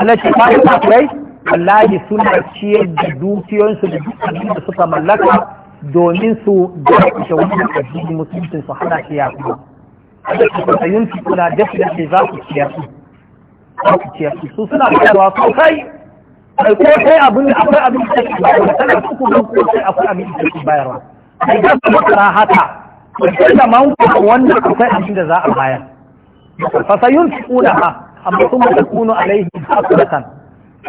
Allah shi ba ta kai wallahi suna ciyar da dukiyoyinsu da dukkanin da suka mallaka domin su da wani addini musulunci su hana shi ya yaƙi da yunfi kuna dafi da za su za su su suna ciyarwa sosai kai ko sai abin da akwai abin da take bayarwa tana cikin nan ko sai akwai abin da take bayarwa sai ga kuma haka sai da man ku wanda akwai abin da za a bayar fa sayunfi kuna ha amma kuma takunu alaihi hasratan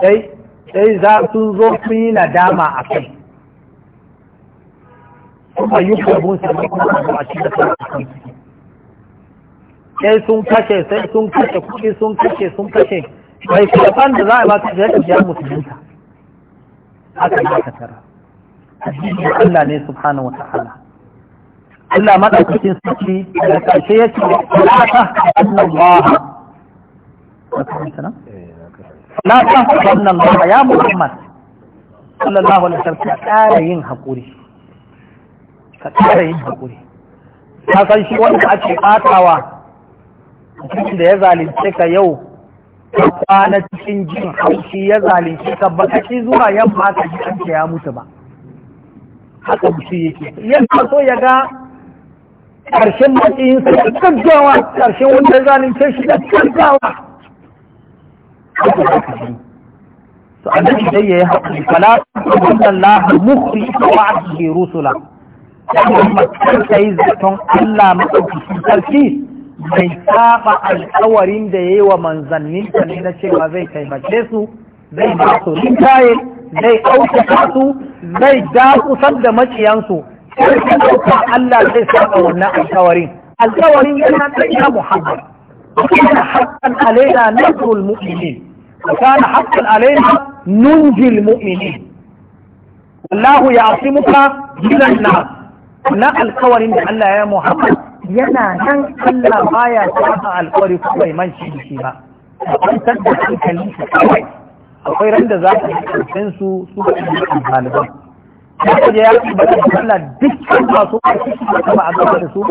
sai sai za su zo su yi nadama a kai kuma yi kubun sai kuma a cikin da kansu sai sun kashe sai sun kashe kuɗi sun kashe sun kashe bai shafan da za a baka shi yadda ya musulunta haka za ka tara addinin Allah ne subhanahu wa ta'ala Allah madaukakin sarki da karshe yake la ta Allah la ta Allah ya Muhammad sallallahu alaihi wasallam ka ƙara yin hakuri ka ƙara yin hakuri ka san shi wanda ake ɓatawa mutumin da ya zalunce ka yau ka kwana cikin jin haushi ya zalunce ka baka kashi zuwa yamma ka ji an ya mutu ba haka mutu yake yana so ya ga ƙarshen matsayinsa da gaggawa ƙarshen wanda ya zalunce shi da gaggawa to annabi dai yayi hakuri fala sallallahu mukhri wa'dihi rusula dan mutum zaton Allah madaukakin sarki bai saba alkawarin da ya yi wa manzannin ta ne na cewa zai taimake su zai ba su rinjaye zai ɗaukaka su zai dakusar da maciyansu sai ɗauka Allah zai saba wannan alkawarin alkawarin yana da ya Muhammad وكان حقا علينا نصر المؤمنين وكان حقا علينا ننجي المؤمنين والله يعصمك من الناس na alkawarin da Allah ya Muhammad yana nan Allah baya ta alƙawari ko bai man shi shi ba kwantar da hankali su kawai akwai randa za ka yi karfin su su ba su yi ɗaliban ya kaje ya ba ta Allah dukkan masu ƙarfi su ba kama a gaba da su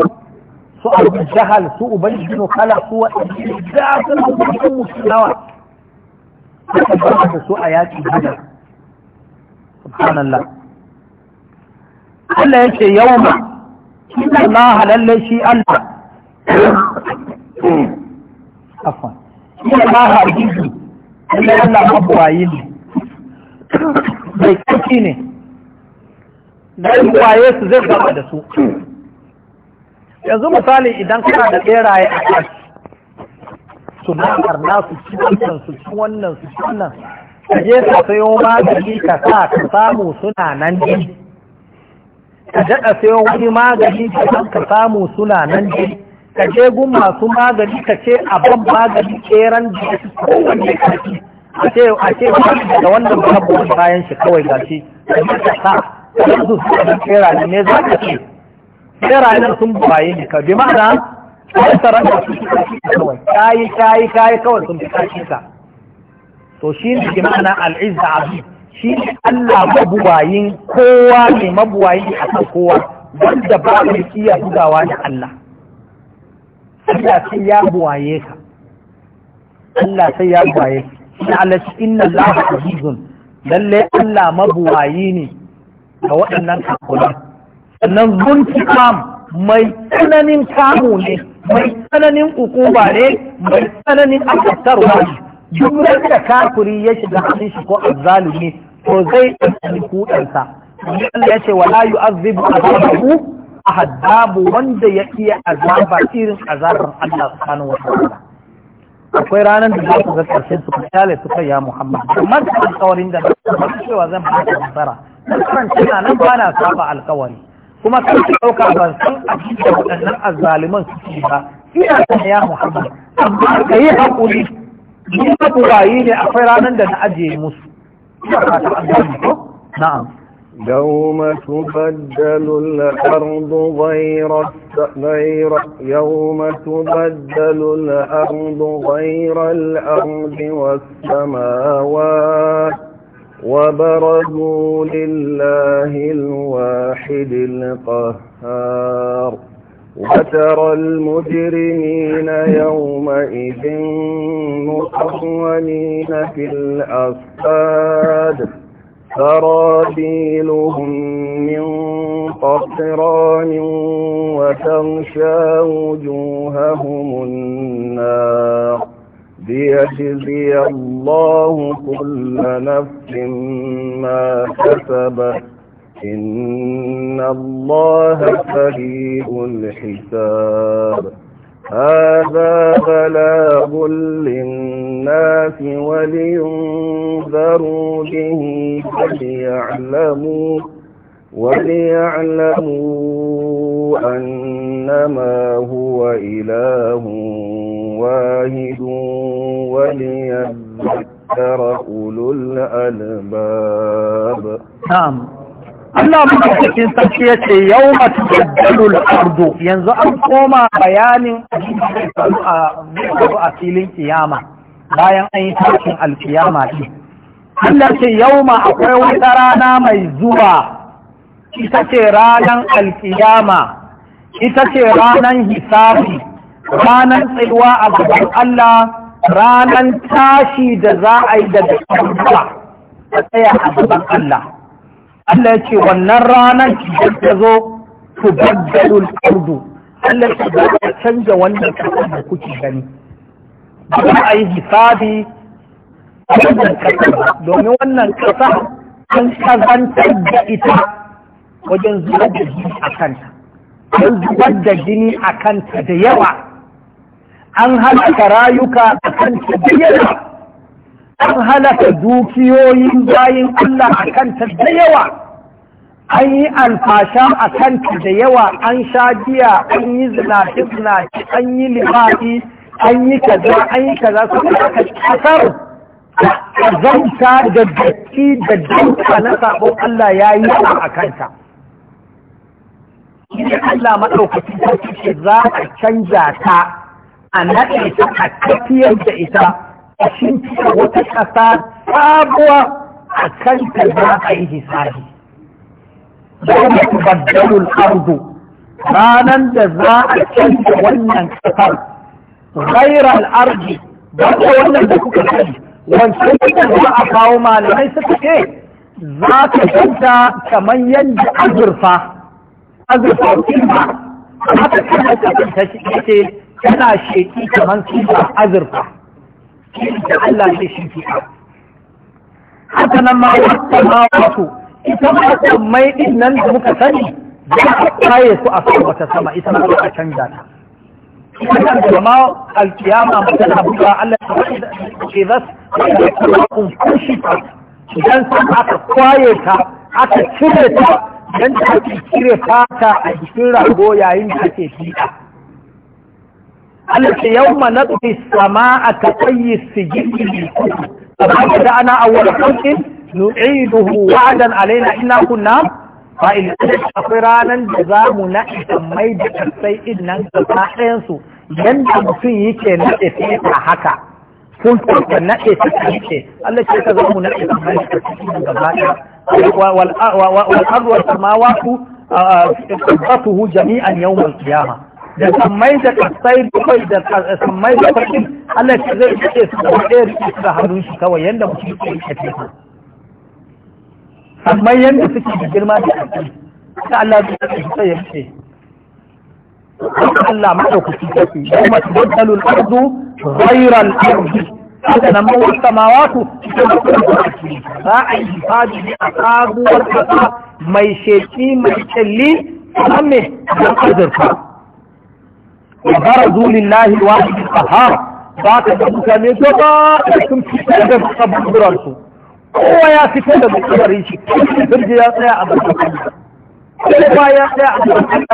su abu jahal su uban jino kala su waɗanda da su na kusurin nawa? aka ba da su a yaƙi hada subhanallah Allah yake yau inna Allah lalle shi Allah afwan inna Allah azizi lalle Allah mabwayi ne bai kaki ne dan waye su zai gaba da su yanzu misali idan kana da beraye a kashi su ma'ar su ci wannan su ci wannan su ci wannan ka je ka sayo magani ka sa ka samu suna nan ne ka daɗa sai wani magani ka ka samu suna nan dai ka je gun masu magani ka ce a ban magani keran da kowanne kafi a ce a ce da wannan babu bayan shi kawai gashi ka je ka sa ka su da kera ne me za ka ce kera ne sun baye ne ka bi ma'ana ka tsara da su kawai kayi kayi kayi kawai sun fi kashi ka to shi ne ma'ana al'izza azim shi Allah mabuwayin kowa ne mabuwayi a kan kowa wanda ba yi iya bugawa da Allah Allah sai ya buwaye ka Allah sai ya buwaye shi Allah shi inna Allah jizun. lalle Allah mabuwayi ne ga waɗannan kakulan sannan kam mai tsananin kamu ne mai tsananin ukuba ne mai tsananin akwatarwa ne duk da kafiri ya shiga hannun shi ko azzalumi to zai ɗanɗani kuɗansa Allah ya ce wala yu'azzibu azabahu ahad babu wanda ya iya azaba irin azabar Allah subhanahu wa ta'ala akwai ranar da za ku ga ƙarshen su kyale su kai ya Muhammad amma da alƙawarin da ba cewa zan ba ka nasara nasaran tana nan ba na saba alƙawari kuma kan ka ɗauka ban san abin da waɗannan azzaliman suke ba ina da ya Muhammad amma ka yi haƙuri ni ba ku ne akwai ranar da na ajiye musu نعم يوم تبدل الأرض غير غير يوم تبدل الأرض غير الأرض والسماوات وبرزوا لله الواحد القهار وترى المجرمين يومئذ مقصولين في الأسفاد سرابيلهم من قصران وتغشى وجوههم النار ليجزي الله كل نفس ما كسبت إن الله سريع الحساب هذا بلاغ للناس ولينذروا به وليعلموا وليعلموا أنما هو إله واحد وليذكر أولو الألباب نعم Allah cikin sarki ya ce yau mata jaddalul ardu yanzu an koma bayanin a filin kiyama bayan an yi tashin alkiyama ɗin. Allah ce yau ma akwai wata rana mai zuwa ita ce ranar alkiyama ita ce ranar hisabi ranar tsayuwa a gaban Allah ranar tashi da za a yi da a tsaya a gaban Allah. Allah ya ce wannan ranar idan ta zo ku baddalul ardu Allah ya za ta canja wanda kasar da kuke gani ba za a yi hisabi a wannan kasa domin wannan kasa an kazantar da ita wajen zubar da jini a kanta an zubar da jini a kanta da yawa an halaka rayuka a kanta da yawa an halaka dukiyoyin bayin Allah a kanta da yawa an yi alfasha a kanta da yawa an sha giya an yi zinaci-zinaci an yi limafi an yi kaza an yi kaza su aka kasar zanta da datti da danta na sabon Allah ya yi a kanta shi Allah maɗaukacin sarki ce za a canja ta a naɗe ta a tafiyar da ita a shimfiɗa wata ƙasa sabuwa a kan ta za a yi hisabi yawma tubaddalu ardu ranan da za a canza wannan ƙasar ghayra al-ardi ba wannan da kuka sani wancan da za a kawo malamai suka ce za ka canta kamar yadda azurfa azurfa kuma haka kana ka canta shi ce sheki kamar kifa azurfa da Allah zai shirki a haka nan ma wata ma wato ita ma sammai din nan da muka sani za a kaye su a sama wata sama ita ma a canza ta ita da ma alkiyama mutum abuwa Allah ta ce za su kuma kun kushi ta idan sun aka kwaye ta aka cire ta dan ta ake cire fata a jikin rago yayin da ake fiɗa. Allah ce yau ma na tsofi sama a taɓayi su gini kamar da ana awwal kankin nu'iduhu wa'adan alaina ina kunna fa'il akwai ranar da za mu na mai da kasai in nan gaba ɗayansu yadda mutum yake na tafi a haka kun tuka na tafi a yake Allah ce ka za mu na mai da kasai in gaba ɗaya wal arwa samawatu tabbatuhu jami'an yawmal qiyamah da sammai da kasai bakwai da sammai da farkin Allah ya zai rike su da ɗaya rike su da hannun shi kawai yadda mutum ke rike teku sammai yadda suke da girma da ƙarfi ta Allah ya rike su ya rike Allah maɗaukaki ta yau mace baddalu al'ardu ghairal ardi haka nan mawar samawatu za a yi hifadi a sabuwar kasa mai sheki mai kyalli sannan mai don wa barazu lillahi wahid ba ka da mutane gaba da sun fitar da kaburburan su kowa ya fita da kaburin shi birji ya tsaya a bakin kowa ya tsaya a bakin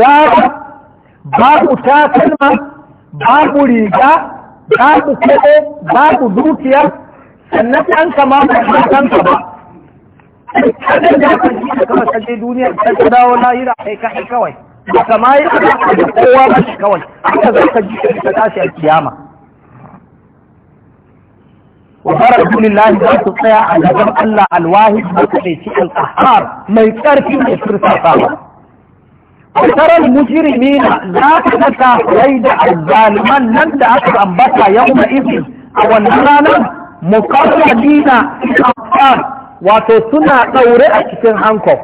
rara babu takalma babu riga babu kuɗe babu dukiya sannan an kama ba kanka ba kada da ka ji da kama kaje duniya ta dawo lahira kai kai kawai ba kama yi alaƙa da kowa ba shi kawai haka za ka ji ta tashi a kiyama wa fara lillahi za su tsaya a gaban Allah alwahid da kaɗai ci al-qahhar mai ƙarfi da firsasawa وترى المجرمين لا تنسى ريد الظالما لن تأكل أنبتا يومئذ أو النانا مقربين في suna وتسنى a cikin الهنكو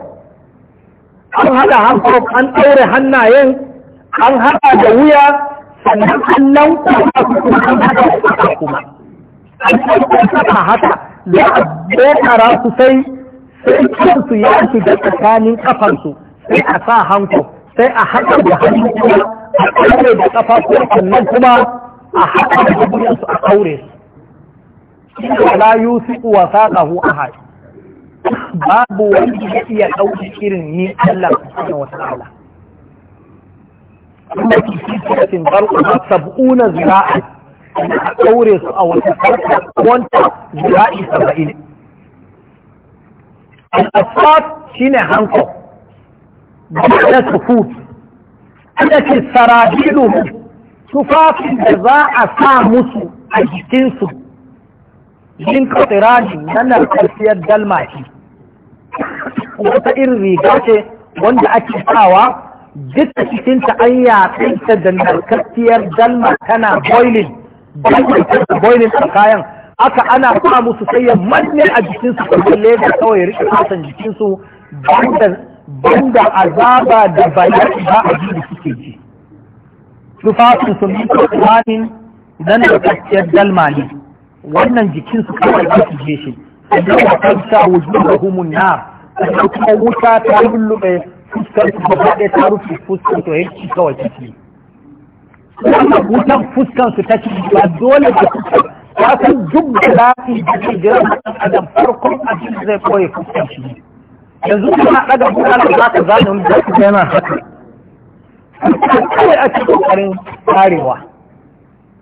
an haɗa hankali an ɗaure hannayen an haɗa da wuya sannan an lankwasa kuma an haɗa kuma an lankwasa haka da a dokara su sai sai kansu ya da tsakanin kafansu sai a sa hanko sai a haɗa da hannu a ɗaure da kafa ko sannan kuma a haɗa da wuyansu a ɗaure su. Wala yusi wa saƙahu ahad. babu wanda ya iya ɗauki irin ni Allah subhanahu wa ta'ala kuma ki ci cikin barku ma sab'una zira'a a ɗaure su a wata farka wanta zira'i saba'in al-asfat shine hanko da sufut ana ce sarabilu tufafin da za a sa musu a jikinsu jin katsirani na narkasiyar dalmaci wata irin riga ce wanda ake sawa duk cikinta an yaƙe ta da narkakkiyar dalma tana boiling boiling a kayan aka ana sa musu sai ya manne a jikinsu kamar leda kawai rike kasan jikinsu banda azaba da bayani ba a jini suke ji tufafin su min kwanin na narkakkiyar dalma ne wannan jikinsu kawai za su je shi sannan wa kan sa nar kuma wuta ta lullube fuskar su ba ɗaya ta rufe fuskar to yanki kawai ciki wannan wutan fuskar su ta ciki ba dole da fuskar ta san duk da zafi da ke jiran adam farkon abin zai koya fuskar shi yanzu kuma ɗaga buɗa da za ka zane wani zafi yana haka kawai a cikin ƙarin karewa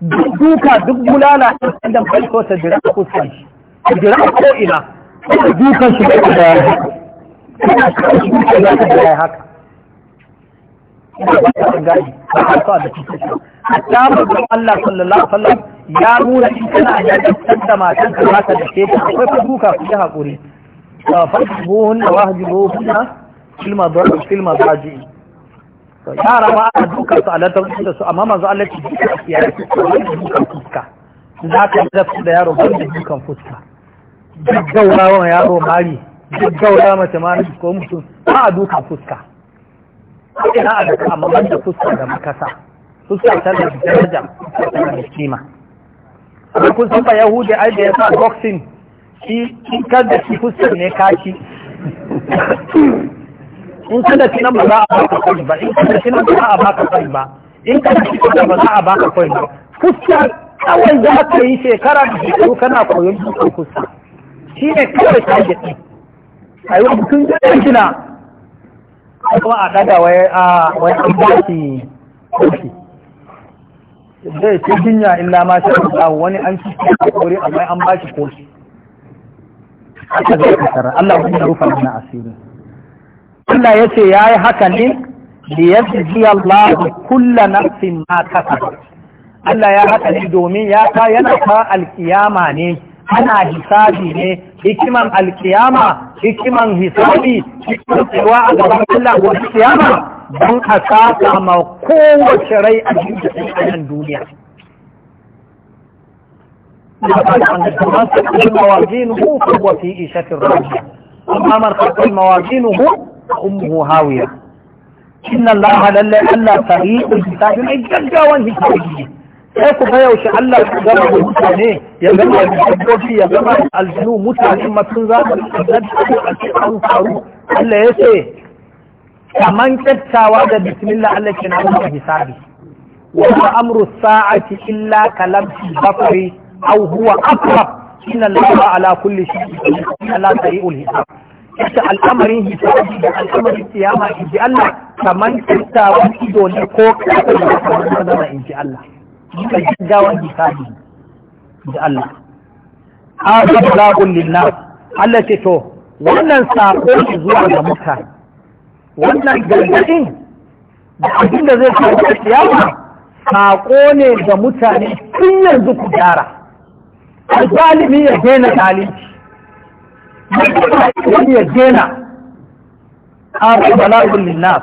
duk duka duk bulala ɗin adam farko ta jira fuskar shi ta jira ko ina dukan shi da ya kana kawai duka za haka ina da hatta manzon Allah sallallahu alaihi ya nuna in kana da dantar da matan ka za ka dace ta akwai fa duka ku yi hakuri fa fasibuhun wa hajibuhun fil madraji fil madraji to yara ma a duka su alatar da su amma manzo Allah ya duka su yara su fuska za ka da yaro ban da dukan fuska duk gaurawan yaro mari duk gaura mace ma na ko mutum ba a duka fuska ina a daga amma ban da fuska da makasa fuska ta da daraja fuska ta da kima amma kun san ba yahudi ai da ya sa boxing shi in kan da shi fuska ne kashi in ka da shi nan ba za a baka kwai ba in ka da shi nan ba za a baka kwai ba in ka da shi nan ba za a baka kwai ba fuska kawai za ka yi shekara da shekaru kana koyon dukan fuska shi ne kawai target ɗin a yi mutum jirgin kina kuma a ɗaga wai a wani an bashi zai ce jinya illa ma shi Allah wani an ci a kore amma an bashi kofi haka zai fitar Allah wani ya rufa mana asiri Allah ya ce ya yi haka ne liyajzi Allah kulla nafsin ma kasabat Allah ya haka ne domin ya ta yana ta alkiyama ne ana hisabi ne hikiman alkiyama hikiman hisabi hikiman tsawa a gaban Allah wa kiyama don a saka ma kowace rai a cikin wannan duniya amma man sakal mawazinuhu fa ummuhu hawiya inna Allah lalla Allah sahihu bi sabil ajjajawan hikmatihi sai ku ga yaushe Allah ya gama da mutane ya gama da dabbobi ya gama da aljinu mutane ma sun zama da an faru Allah ya ce kaman kyattawa da bismillah Allah ke na maka hisabi wa amru sa'ati illa kalamsi bafari aw huwa aqrab inna Allah ala kulli shay'in ala sari'ul hisab ita al'amarin hisabi da al'amarin kiyama in ji Allah kaman kyattawa ido ne ko kasa da kamar in ji Allah da gaggawan hisabi da Allah hada bala'un linnas Allah ce to wannan sako shi zuwa ga mutane wannan gargadin da abin da zai faru kiyama sako ne ga mutane tun yanzu ku gyara albalimi ya daina zalunci wani ya daina hada bala'un linnas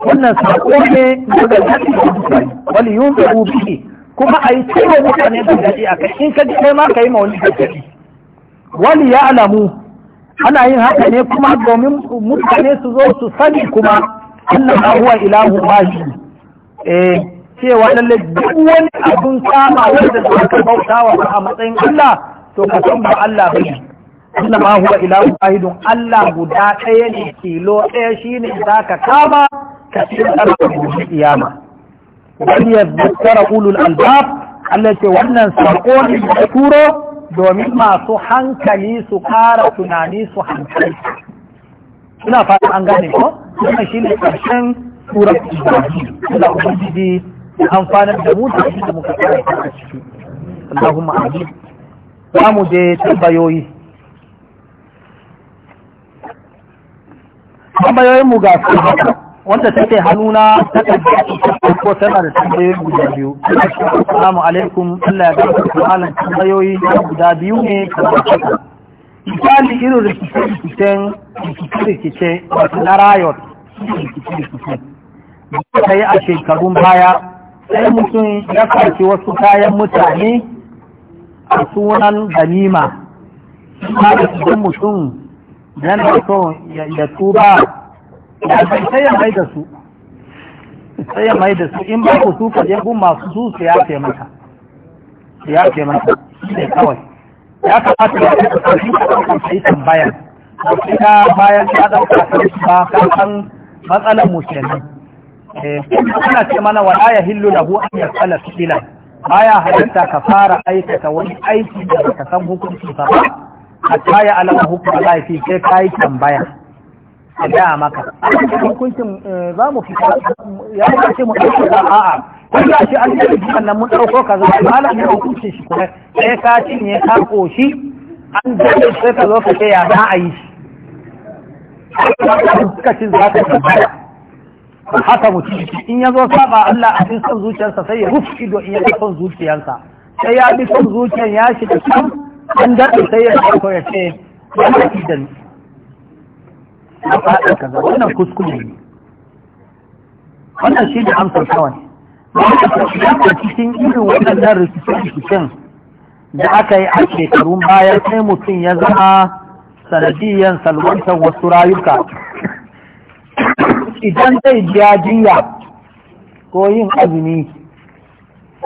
wannan sako ne na gargadin da mutane wani yunzaru bihi kuma a yi cewa mutane gargaɗi a kai in ka ji kai ma ka yi ma wani gargaɗi wani ya alamu ana yin haka ne kuma domin mutane su zo su sani kuma annan abuwa ilahu mahi eh cewa lalle duk wani abun kama wanda za ka bauta wa a matsayin Allah to ka san ba Allah ne inna ma huwa ilahu wahidun Allah guda ɗaya ne kilo ɗaya shine zaka kama ka tsira da kiyama wani ya ulul albab Allah ce wannan sako ne da turo domin masu hankali su kara tunani su hankali ina fata an gane ko wannan ne karshen surar ibrahim Allah ubangiji amfanar da mu da shi da muka kara a ciki Allahumma amin za mu je tambayoyi tambayoyin mu ga su wanda take hannuna ta ƙarfi ko tana da tambayoyi guda biyu assalamu alaikum Allah ya gaba da malam tambayoyi guda biyu ne kamar haka misali irin rikice-rikicen rikice-rikice wato na rayot rikice-rikice ta yi a shekarun baya sai mutum ya karki wasu kayan mutane a sunan ganima idan mutum yana so ya tuba sai ya mai da su sai ya mai su in ba ku su ka je masu su su ya ce mata su ya ce mata sai kawai ya kamata ya ce ka shi ka kan sai tambaya ko sai ka bayan ka dan ka ba ka san matsalar musulmi eh kana ce mana wala ya hillu lahu an yasala filan baya halitta ka fara aikata wani aiki da ka san hukunci ba a ya alama hukunci Allah sai kai tambaya a da maka hukuncin eh, za mu fita ya ce mu ɗauko ka a'a kun ya shi an yi wannan mun ɗauko ka zama malam ne hukuncin shi kuma sai ka cinye ka ƙoshi an dole sai ka zo ka ce ya za a yi shi lokacin za ka tambaya haka mutum in ya zo saba Allah a cikin son zuciyarsa sai ya rufe ido in ya ga son zuciyarsa sai ya bi son zuciyar ya shiga shi an daɗe sai ya ɗauko ya ce ya da ni na faɗa kaza wannan kuskure ne wannan shi da amsar kawai wanda cikin irin waɗannan rikice-rikicen da aka yi a shekarun baya sai mutum ya zama sanadiyyar salwantar wasu rayuka idan zai biya jiya ko yin azumi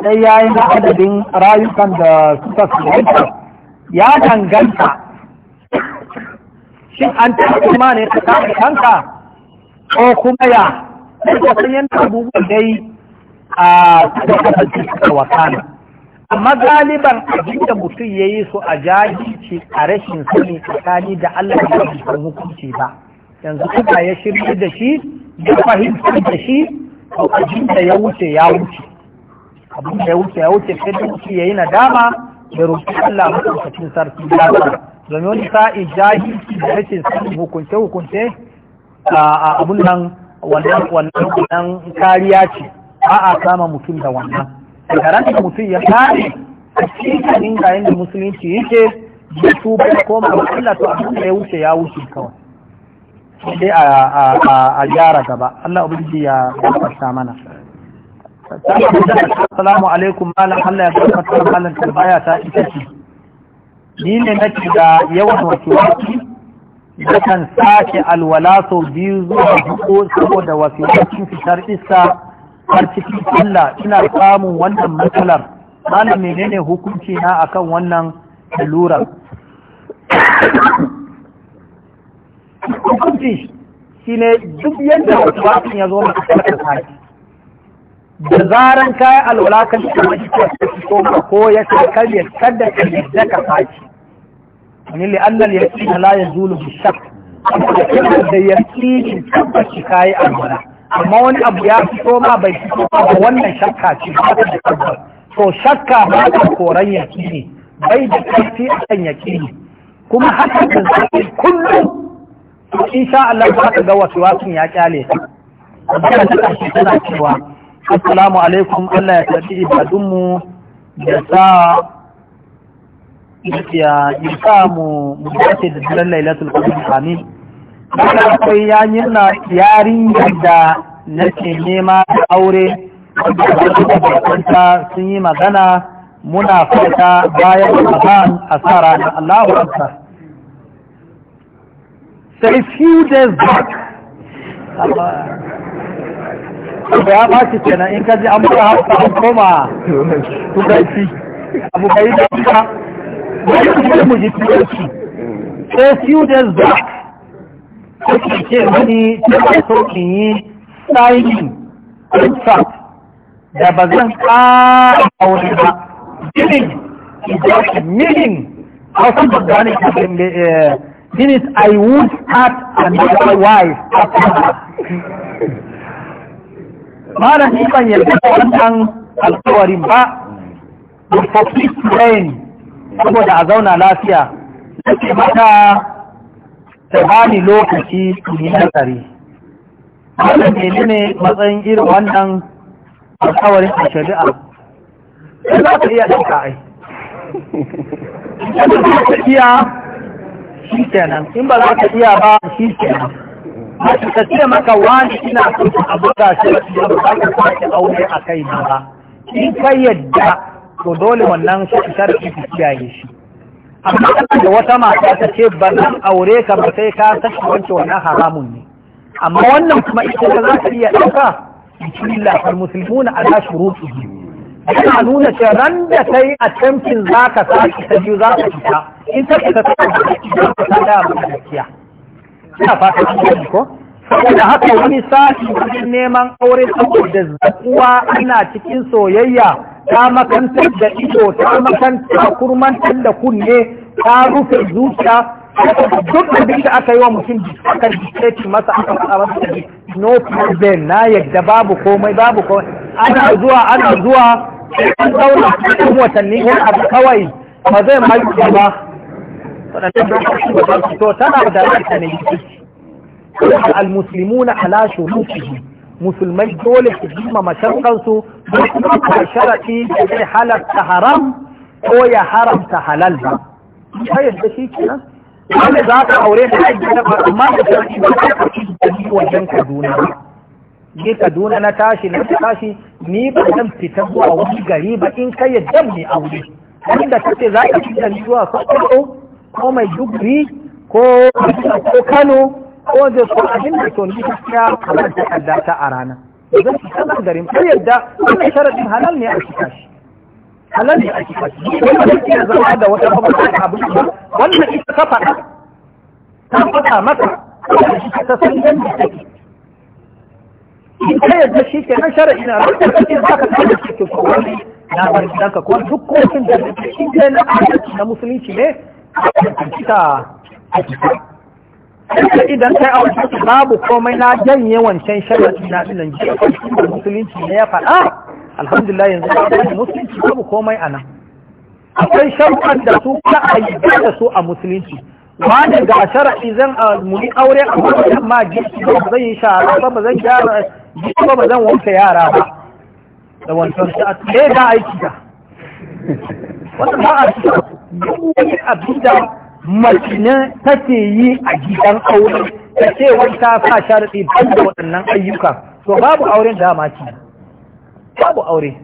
sai ya yi adadin rayukan da suka salwanta ya danganta shi an taɓa ma ne ta kare kanka ko kuma ya da san yanda abubuwan dai a da kasance suka wakana amma galiban abin da mutum ya yi su a jahilci a rashin sani tsakani da Allah ya yi hukunci ba yanzu kuma ya shirya da shi ya fahimtar da shi to abin da ya wuce ya wuce abin da ya wuce ya wuce sai da ya yi nadama ya roƙi Allah mutum sarki ya domin wani sa'i jahi da rashin sanin hukunce hukunce a abun nan wannan kariya ce ba a kama mutum da wannan da mutum ya kare a cikin ga da musulunci yake da su ba ya koma ba Allah to abin da ya wuce ya wuce kawai sai a gyara gaba Allah ubangiji ya gafarta mana Assalamu alaikum malam Allah ya gafarta malam tambaya ta ita ce ni ne nake da yawan wasiwasi da kan sake alwala sau biyu zuwa hudu saboda wasu fitar isa har cikin sallah ina samun wannan matsalar malam menene hukunci na akan wannan lura hukunci shine duk yadda wasiwasin ya zo da sake da zaran kayan alwala kan shi ko ya ce kalli ya kada ka yadda ka saki wani li'annar ya ci na layin zulu bi shak da ya ci shi tabbaci kayi alwala amma wani abu ya fito ma bai fito ba wannan shakka ce ba ta da tabbas to shakka ba ta koran yaki ne bai da kafi a kan yaki ne kuma haka da zai kullum in sha Allah ba ka ga wasu wasu ya kyale ta. Wanda ta kashe tana cewa assalamu alaikum Allah ya tafi ibadunmu da sa ya sa mu mu dace da daren lailatul qadr amin Allah akwai yi na yarin da nake nema da aure wanda sun yi magana muna fata bayan Ramadan asara da Allahu akbar sai few days back ya ɓaci kenan in ka ji an mura hausa an koma turanci abu bai da ka wani kuma mu ji turanci sai few days back kuka ke mani cewa so in yi signing contract da ba zan ƙara wani ba giving meaning wasu da gane kafin minute I would start another wife after malam shi ban yarda da wannan alƙawarin ba da fafi tsayin saboda a zauna lafiya nake mata ta bani lokaci yi nazari malam ne ne matsayin irin wannan alƙawarin a shari'a sai za ta iya ɗauka ai in ba za ta iya shi kenan in ba za ta iya ba shi kenan mace ta ce maka wani ina so a buga shi da ba ka sake aure a kai na ba in kai yadda to dole wannan sharfi ki kiyaye shi amma da wata mata ta ce ba aure ka ba sai ka sake wanke wannan haramun ne amma wannan kuma ita ta za ta iya ɗauka bismillah al muslimuna ala shuruqihi yana nuna cewa ran da ta a camfin za ka sa ta biyu za ka fita in ta fita ta ta ta ta ta ta ta ta suna fata a cikin ko saboda haka wani sashi wajen neman aure saboda zakuwa ana cikin soyayya ta makantar da ido ta makantar kurmantar da kunne ta rufe zuciya duk duk da aka yi wa mutum aka dictate masa aka faɗa masa no problem na yadda babu komai babu komai ana zuwa ana zuwa an zauna cikin watanni kawai ba zai mai ba المسلمون على شروطهم مسلمين دول حجيمة ما شرقنسوا بسرط شرقي في حالة تحرم هو يا حرم تحلل هاي الشيء كنا هل ذات عوريه ما يشرقين كدونا جي كدونا نتاشي نتاشي نيبا لم تتبو أولي غريبة إن كي يدبني أولي عندك تتزاي تتزاي تتزاي تتزاي تتزاي ko mai dubri ko ko kano ko da ko abin da to ni gaskiya kamar da kadda ta a rana zan ci da garin ko yadda wannan sharadin halal ne a cikin shi halal ne a cikin shi wannan ke zama da wata babbar abu wannan ita ta faɗa ta faɗa maka ta san yadda take ta yadda shi ke nan shara'i na rukun kake za ka kai da ke kowane na bar gidanka ko duk kofin da shi ke na adalci na musulunci ne cika a cika idan kai a wajen babu komai na janye wancan sharaɗi na ilan jiya da musulunci ne ya faɗa alhamdulillah yanzu babu musulunci babu komai a nan akwai sharuɗan da su ka a yi da su a musulunci wani ga sharaɗi zan muni aure a wajen ma gisi ba zan yi shara ba ba zan gyara gisi ba ba zan wanke yara ba da wancan sha'ad ne ga aiki da wannan ba a cikin wani abin da mace take yi a gidan aure ta ce wani ta sa sharaɗi ban da waɗannan ayyuka to babu auren da ma ci babu aure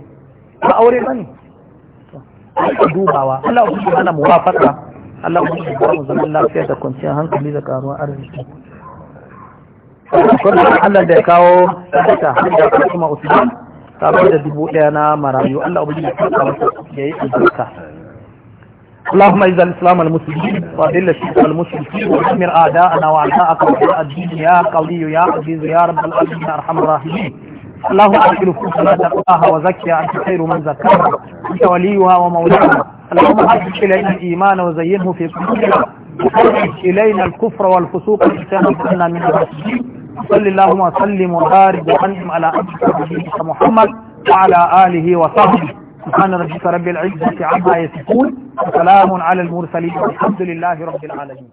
ba aure ba ne ka dubawa Allah ubi su hana muwafaka Allah ubi su ba mu lafiya da kwanciyar hankali da karuwar arziki Kwanan Allah da ya kawo sadaka da kuma Usman ta da dubu ɗaya na marayu Allah ubangiji ya karɓa mata ya yi albarka اللهم اعز الاسلام المسلمين واذل الشرك المشركين ودمر اعداءنا واعداءك واعداء الدين يا قوي يا عزيز يا رب العالمين ارحم الراحمين اللهم اغفر فتنة تقواها وزكها انت خير من زكاها انت وليها ومولاها اللهم حبب الينا الايمان وزينه في قلوبنا وحرج الينا الكفر والفسوق واجتنبنا من المسجد صل اللهم وسلم وبارك وانعم على عبدك محمد وعلى اله وصحبه سبحان ربك رب العزه عما يصفون وسلام على المرسلين والحمد لله رب العالمين